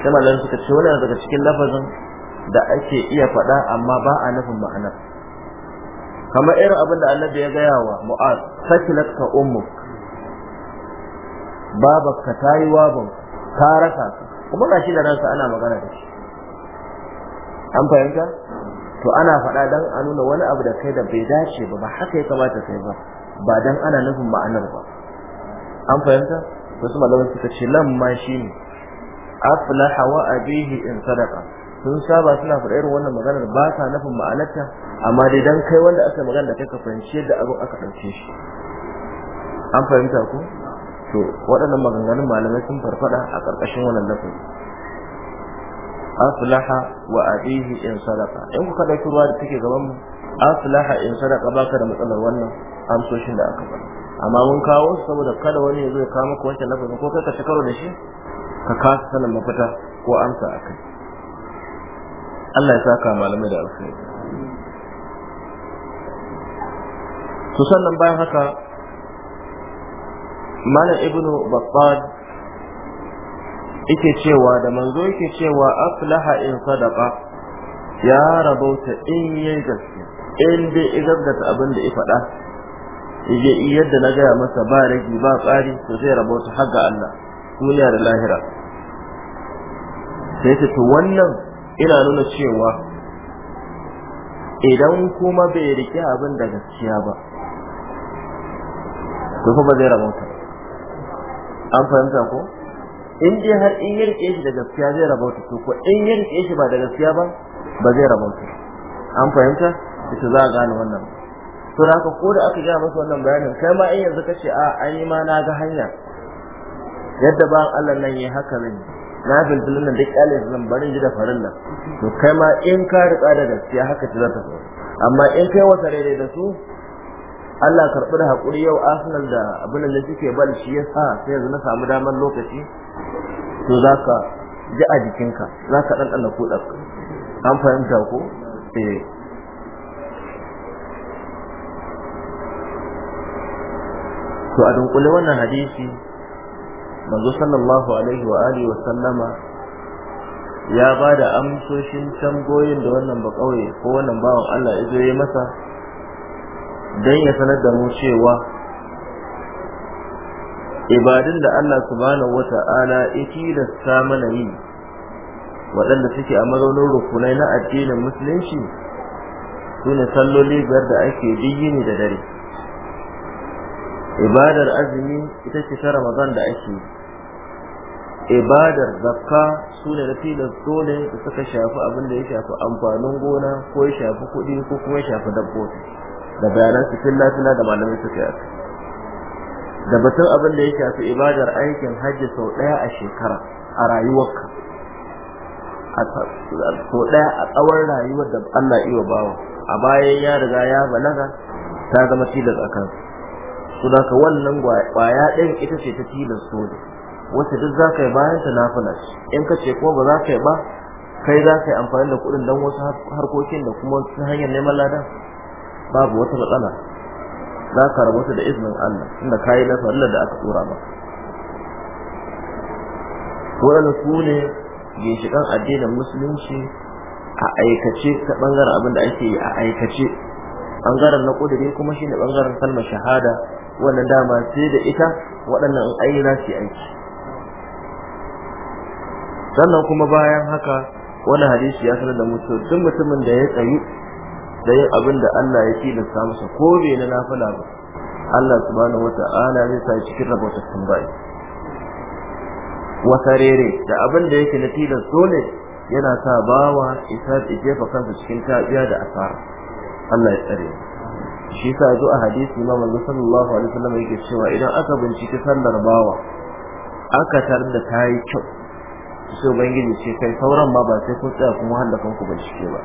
sai malamin suka ce wannan daga cikin lafazin da ake iya faɗa amma ba a nufin ma'anar kamar irin abin da annabi ya gaya wa mu'az sakilat ka ummuk babarka ta yi wabin ka rasa kuma ga shi da ransa ana magana da shi an fahimta to ana faɗa dan a nuna wani abu da kai da bai dace ba ba haka ya kamata kai ba ba dan ana nufin ma'anar ba an fahimta wasu malamai suka ce lamma ne aflaha wa abihi in sadaqa sun saba suna faɗa irin wannan maganar ba ta nufin ma'anarta amma dai dan kai wanda aka magana da kai ka fahimci da abu aka ɗauke shi an fahimta ko to waɗannan maganganun malamai sun farfada a ƙarƙashin wannan lafazi aflaha wa abihi in sadaqa in kuka ɗauki ruwa da take gaban mu aflaha in sadaqa baka da matsalar wannan amsoshin da aka faɗa amma mun kawo su saboda kada wani ya zo ya kawo maka wancan lafazin ko kai ka karo da shi ka kasa sanin mafita ko amsa a kai Allah ya saka malamai da alfahari to sannan bayan haka malam ibnu battad yake cewa da manzo yake cewa aflaha in sadaqa ya rabauta in yayi gaskiya in bai izabta abin da ya faɗa yaje in yadda na gaya masa ba rage ba tsari to zai rabauta har ga Allah duniya da lahira sai ta to wannan ina nuna cewa idan kuma bai rike abin da gaskiya ba to kuma zai ta an fahimta ko in dai har in yi rike shi da gaskiya zai ta to ko in yi rike shi ba da gaskiya ba ba zai ta an fahimta ita za a gane wannan to da haka ko da aka gaya masa wannan bayanin kai ma in yanzu kace a an yi ma na ga hanya yadda ban Allah nan yi haka ne na filfilin nan duk kyale zan barin gida da farin nan to kai ma in ka rika da gaskiya haka ci za ta so amma in kai wata daidai da su Allah karɓi da haƙuri yau Arsenal da abin da suke bal shi ya sa sai yanzu na samu damar lokaci to za ka ji a jikinka za ka ɗanɗana kuɗa an fahimta ko eh to a dunkule wannan hadisi manzo sallallahu alaihi wa alihi wa sallama ya ba da amsoshin tambayoyin da wannan ba kauye ko wannan bawan Allah ya zo masa dan ya sanar da mu cewa Ibadin da Allah subhanahu wata'ala yake da mana yi waɗanda suke a mazaunin rukunai na addinin musulunci sune salloli biyar da ake yi ne da dare ibadar azumi ita ce ta ramadan da ake ibadar zakka su ne na da dole da suka shafi abin da ya shafi amfanin gona ko ya shafi kuɗi ko kuma ya shafi dabbobi da bayanan su lafiya da malamai suka yi da batun abin da ya shafi ibadar aikin hajji sau ɗaya a shekara a rayuwarka sau ɗaya a tsawon rayuwar da Allah iya bawa a bayan ya riga ya balaga ta zama tilas a kansu to da wannan kwaya ɗin ita ce ta tilas dole wacce duk za ka yi bayan ta nafila in ka ce ko ba za ka yi ba kai za ka yi amfani da kuɗin don wasu harkokin da kuma ta hanyar neman lada babu wata matsala za ka rabota da izinin Allah inda ka yi na farillar da aka tsora ba waɗanda su ne ginshiƙan addinin musulunci a aikace ta bangaren abin da ake yi a aikace bangaren na ƙudiri kuma shine bangaren kalmar shahada wannan dama sai da ita waɗannan in ayi su aiki sannan kuma bayan haka wani hadisi ya sanar da duk mutumin da ya tsayu da yin abin da Allah ya tilasta masa ko bai na nafila ba Allah subhanahu wata'ala zai sa cikin rabotattun bai wata rere da abin da yake na tilas dole yana sa bawa isa jefa kansa cikin tabiya da asara Allah ya tsare shi yasa zo a hadisi ma manzo sallallahu alaihi wasallam yake cewa idan aka binciki sallar bawa aka tar da tayi kyau sai ubangiji ce kai sauran ma ba sai kun tsaya kun wahala kanku bincike ba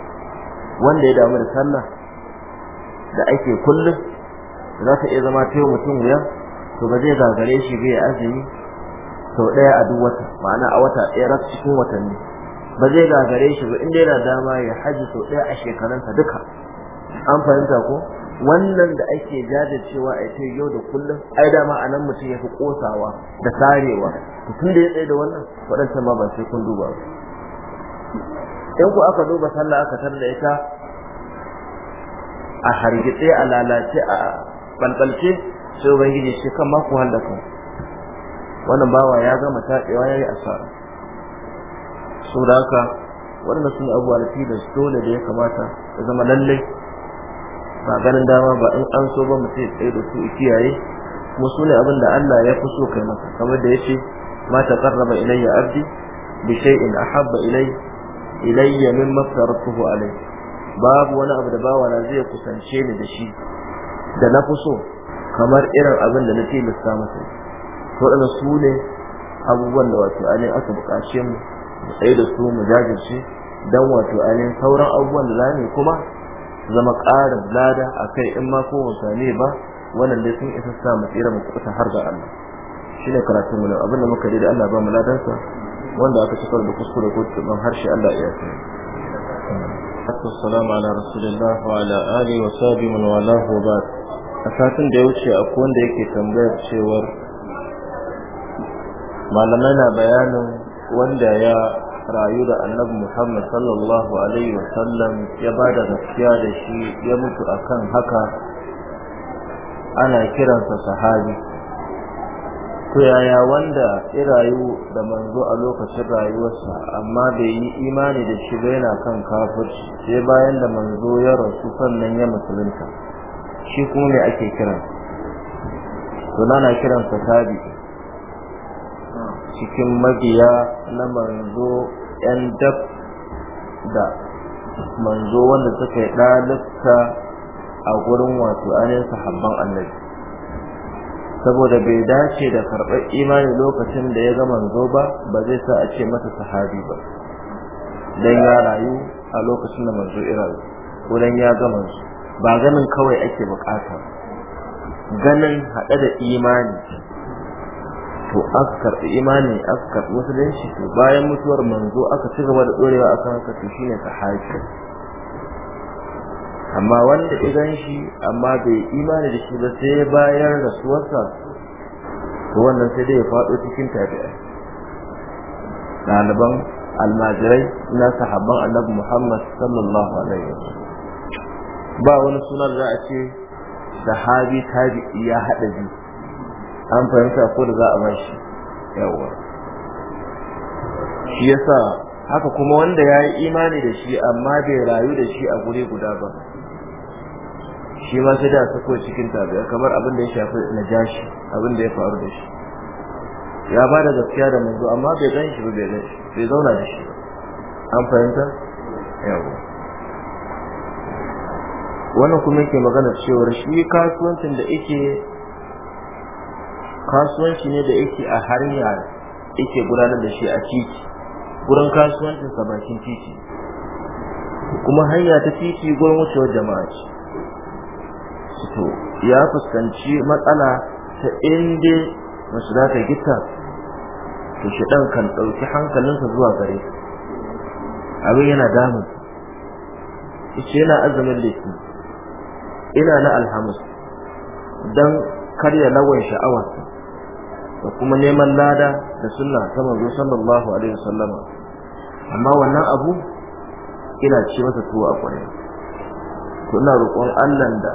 wanda ya damu da sallah da ake kullum za ta iya zama ta yi mutum wuya to ba zai gagare shi bai azumi sau ɗaya a duk wata ma'ana a wata ɗaya rak cikin watanni ba zai gagare shi ba inda yana dama ya haji sau ɗaya a shekarunsa duka an fahimta ko wannan da ake jajircewa a ce yau da kullum ai da a nan mutum ya fi kosawa da sarewa to tun da ya tsaye da wannan waɗancan ma ba sai kun duba ba in ku aka duba sallah aka tarda ita a hargitse a lalace a ɓalɓalce, sai ubangiji shi kan maku hallaka wannan bawa ya gama taɗewa ya yi asara saboda haka waɗanda sun abubuwa da dole da ya kamata ya zama lallai ba ganin dama ba in an so ba mutum ya tsaye da su kiyaye kuma su ne abin da Allah ya fi so kai masa kamar da ce ma ta taqarraba ilayya abdi bi shay'in ahabba ilay ilayya mimma faratuhu alay babu wani abu da bawa na zai kusance ni da shi da na fi so kamar irin abin da na tilasta masa to da su ne abubuwan da wato ainihin aka bukace mu mu tsaye da su mu jajirce dan wato ainihin sauran abubuwan da za mu kuma zama ƙarin lada a kai in ma ko mutane ba wannan dai sun isa sa mu tsira mu kuɓuta har ga Allah ne karatun mu abin da muka da Allah ba mu ladansa wanda aka cikar da kuskure ko tuban harshe Allah ya sani assalamu ala rasulillah wa ala alihi wa sahbihi man walahu wa ba'd a satin da ya wuce akwai wanda yake tambayar cewar malamai na bayanin wanda ya rayu da annabi Muhammad sallallahu alaihi wasallam ya bada gaskiya da shi ya mutu akan haka ana kiransa sahabi ko yaya wanda ya rayu da manzo a lokacin rayuwarsa amma bai yi imani da shi ba yana kan kafirci sai bayan da manzo ya rasu sannan ya musulunta shi kuma me ake kira to na kiransa sahabi cikin mabiya na manzo 'yan dab da manzo wanda suka yi ɗalibta a gurin wato ainihin sahabban annabi saboda bai dace da karɓar imani lokacin da ya ga manzo ba ba zai sa a ce masa sahabi ba dan ya rayu a lokacin da manzo ya rayu ko dan ya ga manzo ba ganin kawai ake bukata ganin haɗe da imani to askar karɓi imani askar musulunci to bayan mutuwar manzo aka ci gaba da ɗorewa a kan haka to shine sahabi amma wanda idan shi amma bai imani da shi ba sai ya bayar da suwarsa to wannan sai dai ya faɗo cikin tabi'a ɗaliban almajirai na sahabban annabi muhammad sallallahu alaihi ba wani sunan da za a ce sahabi tabi'i ya haɗa biyu an fahimta ko da za a bashi yawa shi yasa haka kuma wanda ya yi imani da shi amma bai rayu da shi a guri guda ba shi ma sai da sako cikin tabiya kamar abin da ya shafi na jashi, abin da ya faru da shi ya ba da gaskiya da manzo amma bai gan shi ba bai zauna da shi an fahimta yawa wannan kuma yake magana cewar shi kasuwancin da yake kasuwanci ne da yake a hanya yake gudanar da shi a titi gurin sa bakin titi kuma hanya ta titi gurin wucewar jama'a ce to ya fuskanci matsala ta inda masu za ta gita to shi ɗan kan ɗauki hankalinsa zuwa gare abin yana damun ce yana azumin laifi ina na alhamis Dan karya lawan sha'awarsa da kuma neman lada da suna ta manzo sallallahu alaihi wasallama amma wannan abu ina ce masa tuwa a kwarai to ina roƙon Allah da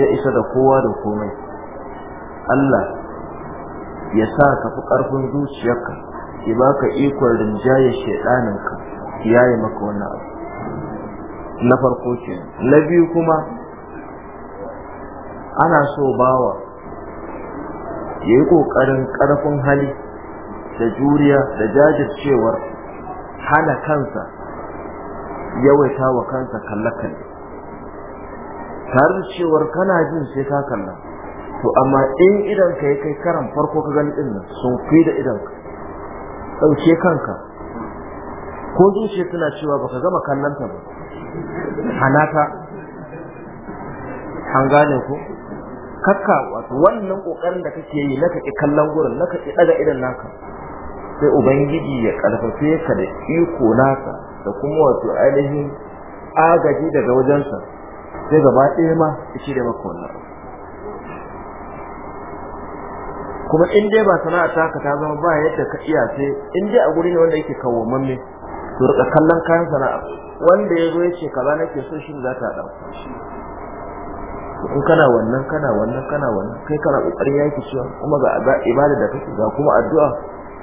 ya isa da kowa da komai Allah ya sa ka fi ƙarfin zuciyarka ya baka ikon rinjaye shaidaninka ya yi maka wannan abu na farko ke na biyu kuma ana so bawa yayi kokarin karfin hali da juriya da jajircewar hana kansa yawaita wa kansa kalle-kalle tare da cewar kana jin sai ka kalla to amma in idan ka yi kai karan farko ka gani din nan sun fi da idan ka ɗauke kanka ko zuciya tana cewa baka gama kallanta ba hanata an gane ko kakka wato wannan kokarin da kake yi na kaƙi kallon gurin na kaƙi ɗaga irin naka sai ubangiji ya karfafe ka da iko naka da kuma wato ainihin agaji daga wajensa sai gaba ɗaya ma ya shirya maka wannan kuma in dai ba sana'a taka ta zama ba yadda ka iya sai in dai a guri ne wanda yake kawo mamme to rika kallon kayan sana'a wanda ya zo ya ce kaza nake so shi za ta ɗauka in kana wannan kana wannan kana wannan kai kana kokarin yaki cewa kuma ga ibada da kake ga kuma addu'a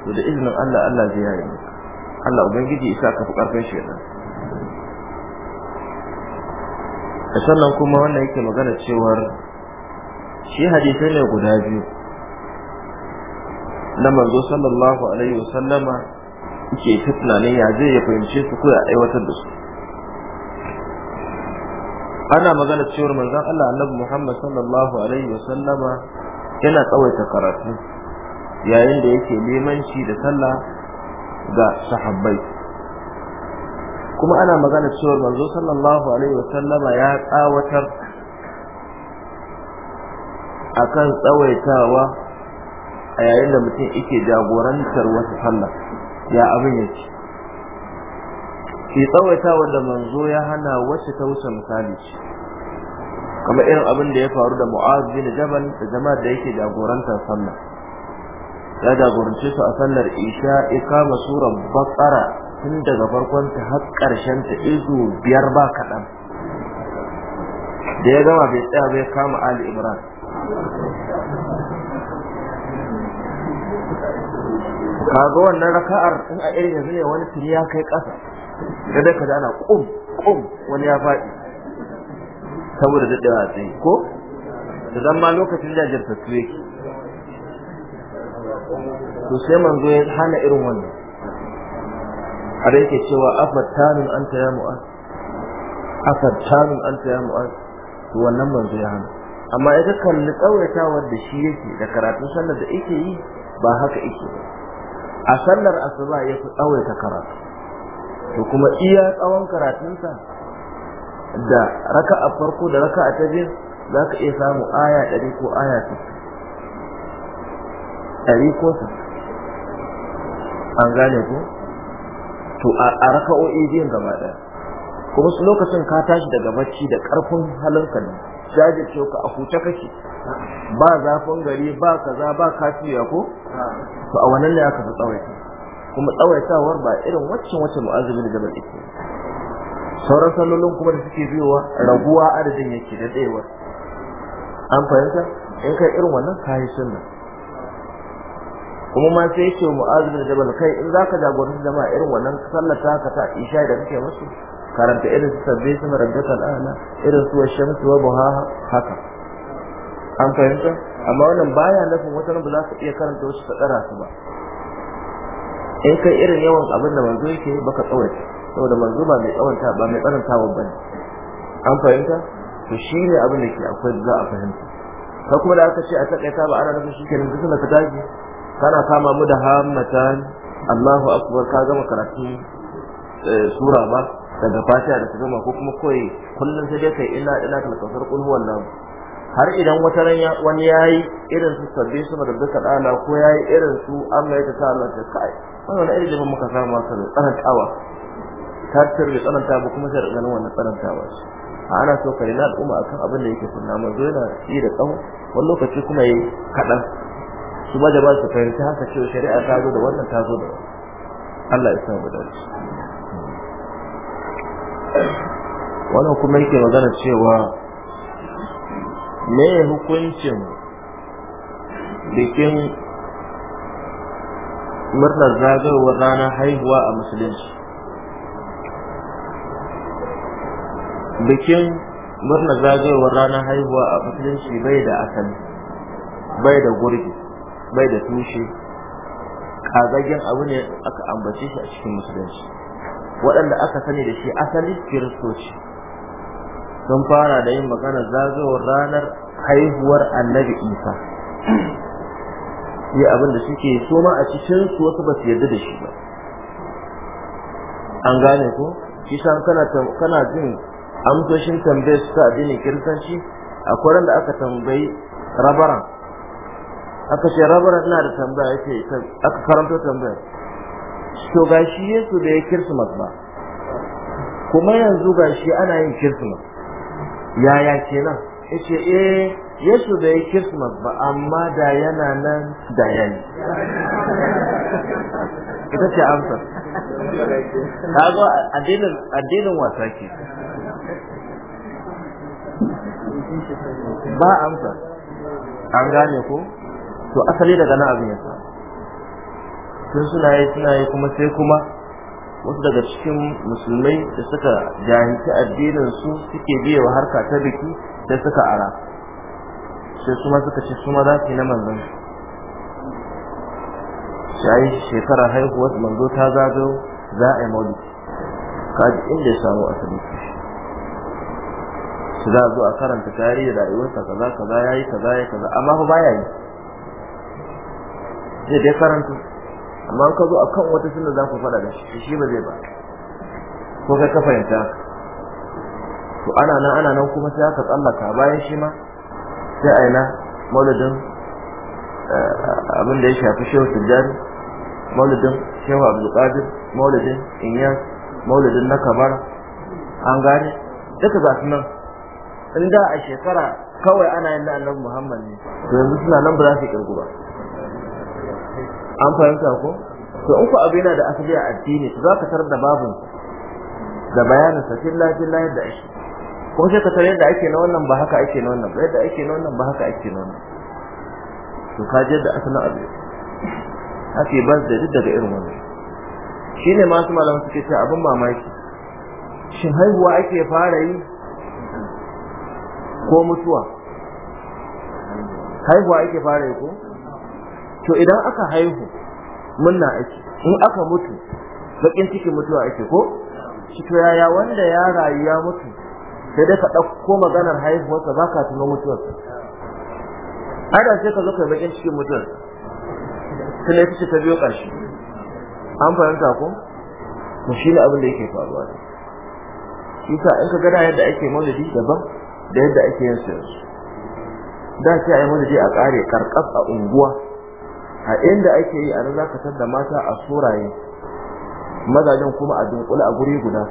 to da izinin Allah Allah zai yi maka Allah ubangiji isa saka ku karfin shi da sannan kuma wannan yake magana cewar shi hadisai ne guda biyu na manzo sallallahu alaihi wasallama yake fitna ne ya zai ya fahimce su ko ya aiwatar da su ana magana cewar manzon Allah Annabi Muhammad sallallahu alaihi wasallama yana tsawaita karatu yayin da yake shi da sallah ga sahabbai kuma ana magana cewar manzo sallallahu alaihi wasallama ya tsawatar akan tsawaitawa a yayin da mutum yake jagorantar wata sallah ya abin yake ke tsawaita wanda manzo ya hana wacce ta wuce misali ce kamar irin abin da ya faru da mu'az bin jabal da jama'ar da yake jagorantar sallah ya jagorance su a sallar isha ikama sura bakara tun daga farkon ta har karshen ta izu biyar ba kaɗan da ya gama bai tsaya bai kama ali imran kaga wannan raka'ar in a irin yanzu ne wani tuni ya kai ƙasa da da ka ana kum kum wani ya faɗi saboda daddawa tsaye ko da zama lokacin da su yake to sai manzo ya hana irin wannan har yake cewa afattanun anta ya mu'az afattanun anta ya mu'az to wannan manzo ya hana amma ya ga kalli tsawaitawar da shi yake da karatun sallar da yake yi ba haka yake ba a sallar asuba ya fi tsawaita karatu to kuma iya tsawon karatunsa da raka a farko da raka a ta za ka iya samu aya ɗari ko aya ɗari ko sa an gane ku? to a o biyun gaba ɗaya kuma su lokacin ka tashi daga bacci da ƙarfin halinka ne jajin ka a huce kashi ba zafin gari ba kaza ba kasiya ko to a wannan ne aka fi tsawaita kuma tsawaitawar ba irin waccan wacce mu'azzim da jabal yake sauran sallolin kuma da suke biyowa raguwa adadin yake da tsayewa an fahimta in kai irin wannan kayi sunna kuma ma sai yake mu'azzim da jabal kai in zaka jagoranci jama'a irin wannan sallar ta haka ta isha da kake musu karanta irin su sabbe su marabbatal ana irin su musu wa buha haka an fahimta amma wannan baya nufin wata ba za ka iya karanta wasu ta tsara su ba in kai irin yawan abin da manzo yake baka tsawaita saboda manzo ba mai tsawanta ba mai tsananta ba bane an fahimta to shi ne abin da ke akwai za a fahimta ka kuma da aka ce a takaita ba ana nufin shi shikenan duk da ka tashi kana kama mu da hammatan Allahu akbar ka gama karatu eh, sura ba daga fatiha da gama ko kuma koyi kullum sai dai kai illa illa kal kafar qul huwallahu har idan wata ran wani yayi irin su sabbi sama da duka dala ko yayi irin su amma ya ta Allah ta kai wannan irin jabin muka samu aka da tsanantawa tartar bai tsananta ba kuma sai ganin wannan tsanantawa shi a ana so ka Na al'umma akan abin da yake sunna zo yana yi da tsawo wani lokaci kuma yi kaɗan su da ba su fahimci haka cewa shari'a ta zo da wannan ta zo da Allah ya sa da shi wannan kuma yake magana cewa me hukuncin bikin murnar zagayowar ranar haihuwa a musulunci bikin murnar zagayowar ranar haihuwa a musulunci bai da asali bai da gurbi bai da tushe kagaggen abu ne aka ambace shi a cikin musulunci waɗanda aka sani da shi asali kiristoci sun fara da yin magana zagayowar ranar haihuwar annabi isa yi abin da suke so ma a cikin su wasu ba su yarda da shi ba an gane ko shi san kana kana jin amsoshin tambayar su ta addinin kiristanci akwai ran da aka tambayi rabaran aka ce rabaran na da tambaya yake aka karanto tambayar to ga shi Yesu da ya kirsimas ba kuma yanzu ga shi ana yin kirsimas yaya kenan yace eh yesu bai yi christmas ba amma da yana nan da yayi ita ce amsar ta zo addinin wasa ke ba amsa an gane ko to asali daga nan abin yasa sun suna yi suna yi kuma sai kuma wasu daga cikin musulmai da suka jahanci addinin su suke biyewa harka ta biki sai suka ara sai kuma suka ce kuma za su yi na manzan shi a yi shekarar haihuwar manzo ta zagayo za a yi maulid kaji inda ya samu sami su za a zo a karanta tarihi da rayuwarsa kaza kaza ya yi kaza ya kaza amma fa baya yi zai dai karanta amma ka zo kan wata sunna za ku faɗa da shi shi ba zai ba ko kai ka fahimta to ana nan ana nan kuma sai aka tsallaka bayan shi ma sai a mauladin abinda eh, abin da ya shafi shehu tijjani mauladin shehu abdulkadir mauladin Inyar, mauladin na kamar an gane duka ba su nan in da a shekara kawai ana yin na muhammad ne to yanzu suna nan ba za su kirgu ba an fahimta ko to in ku abu yana da asali a addini za ka tarar da babu da bayanin sa lafiya filla yadda ake ko sai ka tare yadda ake na wannan ba haka ake na wannan ba yadda ake na wannan ba haka ake na wannan to ka je da asalin abu ake ba da duk daga irin wannan shine masu malamin suke cewa abin mamaki shin haihuwa ake fara yi ko mutuwa haihuwa ake fara yi ko to idan aka haihu munna ake in aka mutu bakin cikin mutuwa ake ko shi to yaya wanda ya rayu ya mutu sai dai ka ɗauko maganar haihuwarsa ba ka tuno mutuwar. ai da sai ka zo kai bakin cikin mutuwar sai ya fice ta biyo ƙarshe an fahimta ko to shi ne abin da yake faruwa shi sa in ka gada yadda ake maulidi daban da yadda ake yin sayarsu da ce ai yi maulidi a ƙare karkas a unguwa a inda ake yi a nan za ka da mata a suraye mazajen kuma a dunkule a guri guda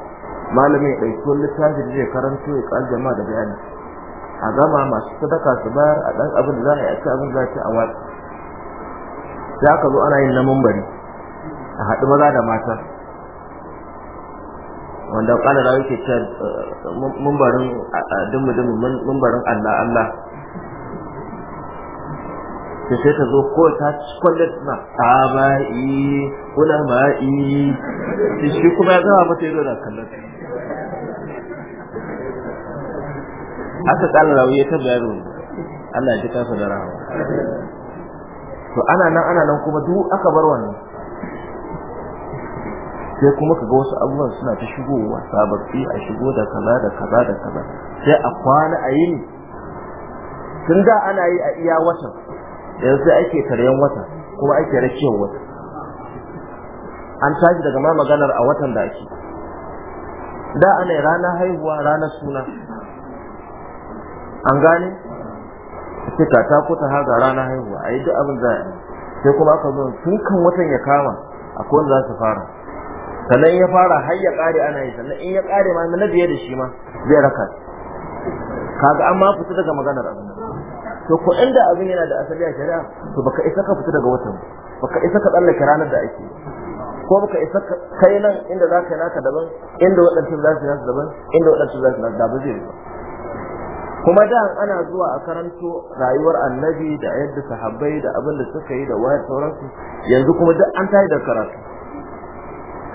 malami ya ɗauki wani littafi da zai karanto ya kar jama'a da bayani a gama masu sadaka su bayar a ɗan abin da za a yi a ci abin za a ci a wata sai aka zo ana yin na mambari a haɗu maza da mata wanda kwana da yake ta eh, mumbarin dummudumu mumbarin Allah Allah sai sai ta zo ko ta kwalle na abai ulama'i shi kuma ya zama mata yi da kallon haka kala rawi ya tabbaya da Allah ya ji kansa da rawa. to ana nan ana nan kuma duk aka bar wannan sai kuma kaga wasu abubuwan suna ta shigowa sababbi a shigo da kaza da kaza da kaza sai a kwana a yini tun da ana yi a iya watan yanzu ake karyan wata kuma ake rakiyar wata an tashi daga ma maganar a watan da ake da ana rana haihuwa rana suna an gane sai ka ta kuta har ga rana haihuwa a yi duk abin za a yi sai kuma aka zo tun kan watan ya kama a kowane za su fara sannan ya fara har ya kare ana yi sannan in ya kare ma na biye da shi ma zai raka kaga an ma fita daga maganar abin to ko inda abin yana da asali a shari'a to baka isa ka fita daga watan baka isa ka tsallake ranar da ake ko baka isa kai nan inda za ka yi naka daban inda waɗancan za su yi naka daban inda waɗancan za su yi naka daban zai yi kuma da ana zuwa a karanto rayuwar annabi da yadda sahabbai da abin da suka yi da wayar sauransu yanzu kuma duk an tayi da karatu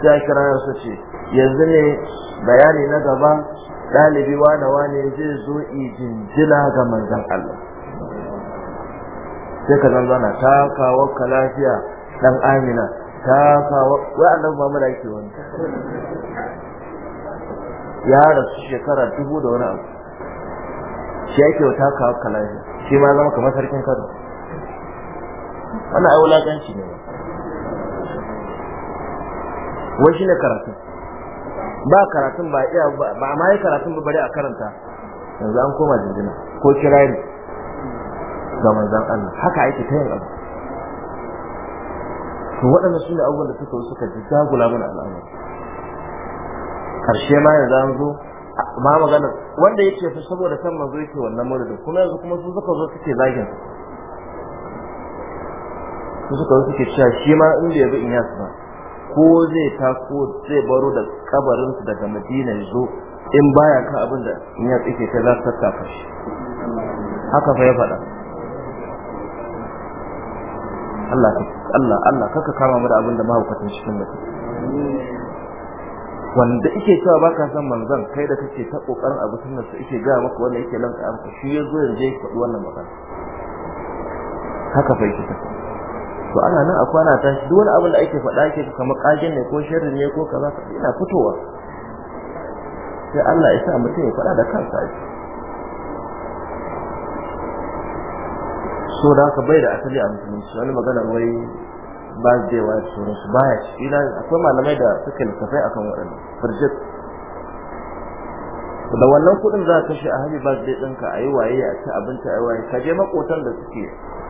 ya kira su ce yanzu ne bayani na gaba dalibi wani wani zai zo ijinjila ga manzon Allah sai ka zan na ta kawo ka lafiya dan amina ta kawo wai annabi da yake wani ya rasu shekara dubu da wani abu shi yake wata kawo kalashi shi ma zama kamar sarkin kano wani ai wulaƙanci ne wai shi ne karatun ba karatun ba iya ba a ma yi karatun ba bari a karanta yanzu an koma jirgin ko kirari ga manzan Allah haka aiki ta yin abu to waɗanda su ne abubuwan da suka suka ji dagula mana al'amari ƙarshe ma yanzu an zo ba maganar wanda yake fa saboda san manzo yake wannan muridi kuma yanzu kuma su suka zo suke zagin su suka zo suke cewa shi ma inda ya bi in yasu ba ko zai ta ko zai baro da kabarinsu daga madina ya zo in baya ka abin da in ya tsike ta za ta tafa shi haka fa ya faɗa Allah Allah Allah kaka kama mu da abin da mahaukatan cikin mutum wanda yake cewa baka san manzon kai da kake ta kokarin abu sunan sa yake ga maka wanda yake lanka maka shi yazo yanzu ya faɗi wannan magana haka fa yake to ana nan a kwana ta shi duk wani abin da ake faɗa yake kamar kajin ne ko sharri ne ko kaza ka ina fitowa sai Allah ya sa mutum ya faɗa da kansa shi so da haka bai da asali a musulunci wani maganar wai ba zai wa su baya shi akwai malamai da suka littafai akan waɗannan firjit da wannan kuɗin za ka kashe a hajji ba zai ɗinka a yi waye a ci abinci a yi waye ka je makotan da suke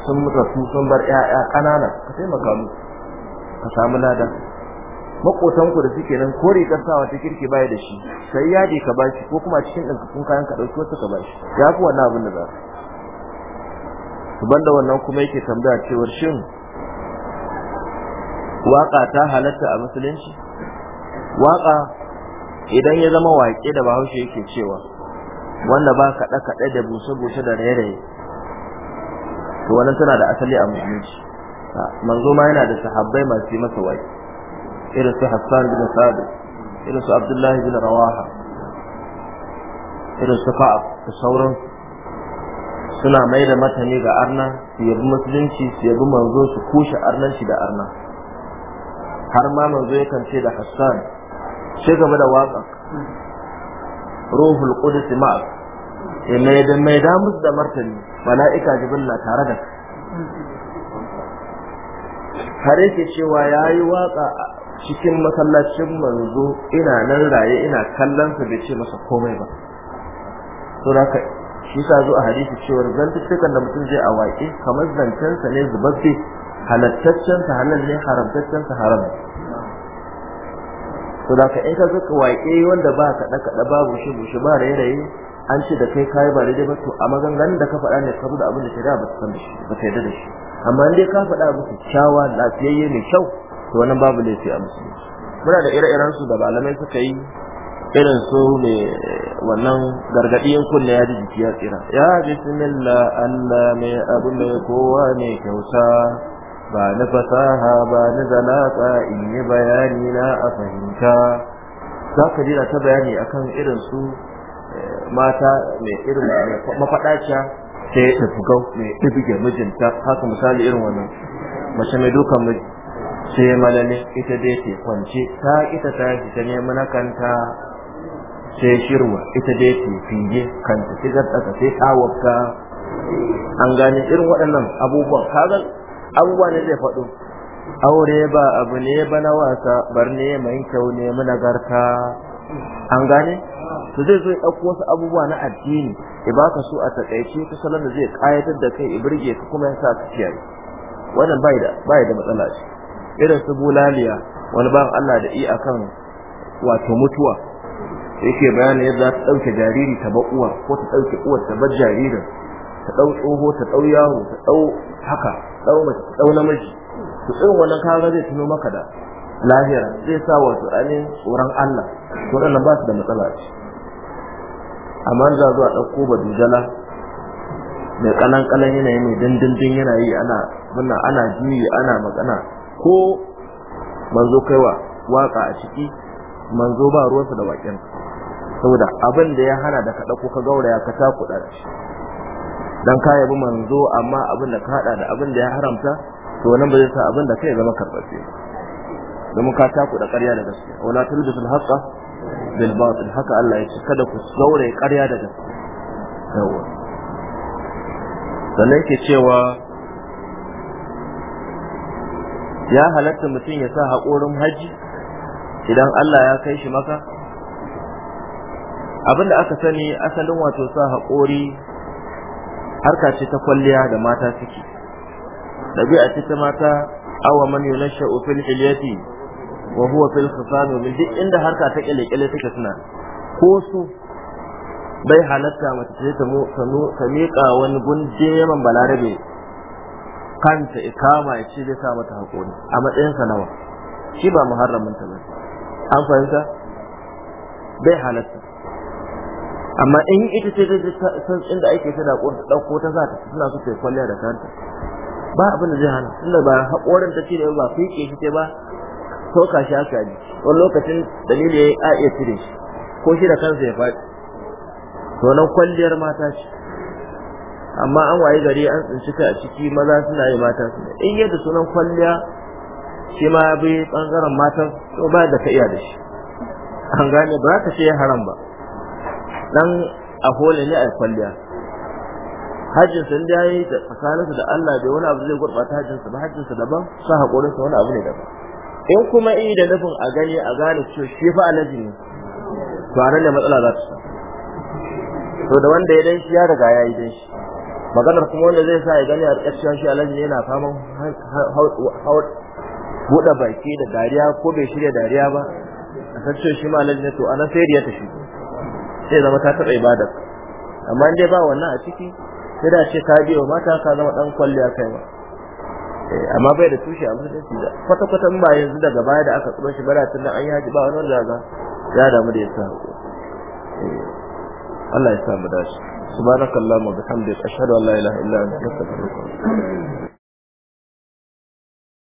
sun mutu sun bar 'ya'ya ƙanana ka taimaka musu ka samu lada ku da suke nan kore sa ta kirki baya da shi sai yaje ka bashi ko kuma cikin kun kayan ka dauki wata ka bashi ya fi wannan abin da za su banda wannan kuma yake tambaya cewar shin Waƙa ta halatta a musulunci waka idan ya zama waƙe da bahaushe yake cewa wanda ba kaɗe kaɗe da busa busa da rairaye to wannan tana da asali a musulunci manzo ma yana da sahabbai masu yi masa waƙe irin su Hassan bin Sabit irin su Abdullah bin Rawaha irin su Ka'ab da sauran suna mai da matane ga arna su yabi musulunci su yabi manzo su kushe arnanci da arna har ma manzo yakan ce da Hassan sai gaba da waka ruhul qudus ma ya eh, mai da mai da musu da martani mala'ika jibril na tare da har yake cewa yayi waka cikin masallacin manzo ina nan raye ina kallon sa bai ce masa komai ba to haka shi sa zo a hadisi cewa zantuttukan da mutum zai a waƙe kamar zancensa ne zubabbe halattaccen sa halal ne haramtaccen sa haram to da ka in ka zaka waƙe wanda ba ka kaɗa babu shi, bushe shi ba raye-raye an ce da kai kayi ba daidai ba to a maganganun da ka faɗa ne ka zo da abin da kira ba ta san da shi ba ta da shi amma in ka faɗa abu kyakkyawa lafiyayye ne kyau to wannan babu laifi a musu muna da ire-iren su da malamai suka yi irin su ne eh, wannan gargaɗiyan kunne ya ji jiki ya tsira ya bismillah Allah mai abu mai kowa ne kyauta ba na fasaha ba na zalaka in yi bayani na a fahimta za ka dina ta bayani akan irin su eh, mata mai irin mafaɗaciya ta yi tafugau mai ɗibige mijinta haka misali irin wannan mace mai dukan miji sai malale ita dai ce kwance ta ita ta yi ta nemi na kanta sai shirwa ita dai ce fiye kanta shigar ta sai ta an gane irin waɗannan abubuwan kagan abubuwa ne zai faɗo aure ba abu ne ba na wasa bar ne mai kyau ne mu nagarta an gane su zai zo ya ɗauko wasu abubuwa na addini ya baka su a takaice ta salon da zai kayatar da kai ya burge ka kuma ya sa ka kiyaye wannan bai da bai da matsala ce irin su bulaliya wani ban Allah da i akan wato mutuwa yake bayanin yadda ta ɗauke jariri ta ba uwar ko ta ɗauke uwar ta bar jaririn ta dau tsoho ta dau yaro ta dau haka dau mace dau namiji to irin wannan kaga zai tuno maka da lahira zai sa wato ainihin tsoron Allah waɗannan ba su da matsala ce amma za zuwa ɗauko ba dujala mai kanan kanan yanayi mai dindindin yana yi ana muna ana juyi ana magana ko manzo kaiwa waka a ciki manzo ba ruwansa da bakin saboda abin da ya hana da ka ɗauko ka gauraya ka taku da shi dan ka yabi manzo amma abin da ka hada da abin da ya haramta to wannan ba zai sa abin da kai zama karbace domin ka taku da ƙarya da gaske wala tulbisul haqqa bil batil haka Allah ya ce kada ku saure ƙarya da gaske yawa sannan ke cewa ya halatta mutum ya sa haƙorin haji idan Allah ya kai shi maka abinda aka sani asalin wato sa haƙori harka ce ta kwalliya da mata suke dabi'a ce ta mata awa man yunasha'u fil hilyati wa huwa fil khisam min duk inda harka ta kyale-kyale take suna ko su bai halatta mace ce ta mu ta miƙa wani man balarabe kanta ikama ya ce zai sa mata hakuri a matsayin nawa shi ba muharramin ta ba an fahimta bai halatta amma in ita ce san inda ake tana ɗauko ta za ta suna so ta kwalliya da kanta ba abin da zai hana tunda ba haƙorin ta cire ba fiƙe shi ce ba ka shi haka ji wani lokacin dalilin ya iya cire shi ko shi da kansa ya faɗi to nan kwalliyar mata ce amma an waye gari an tsinci kai a ciki maza suna yi mata ne. in yadda sunan kwalliya shi ma bi ɓangaren matan to ba da ka iya da shi an gane ba za ka ce haram ba dan a hole ne a kwalliya hajjin sun da yayi tsakaninsa da Allah bai wani abu zai gurbata hajjin sa ba hajjin sa daban sa hakurin sa wani abu ne daban in kuma yi da nufin a gani a gane cewa shi fa alaji ne to anan da matsala za ta sa to da wanda ya dan shi ya riga yayi dan shi maganar kuma wanda zai sa ya gani a tsakiyar shi alaji ne yana faman buɗe baki da dariya ko bai shirya dariya ba a san cewa shi ma alaji ne to ana sai ya tafi sai zama ta taɓa ibada amma in ba wannan a ciki sai da ce ka biyo mata ka zama dan kwalliya kai ma eh, amma bai da tushe a shi da kwata kwata ba yanzu daga baya da aka tsoro shi bara tun an yi haji ba wani zaga ya damu da yasa eh, Allah ya samu dashi subhanakallahumma bihamdika ashhadu an la ilaha illa anta astaghfiruka wa atubu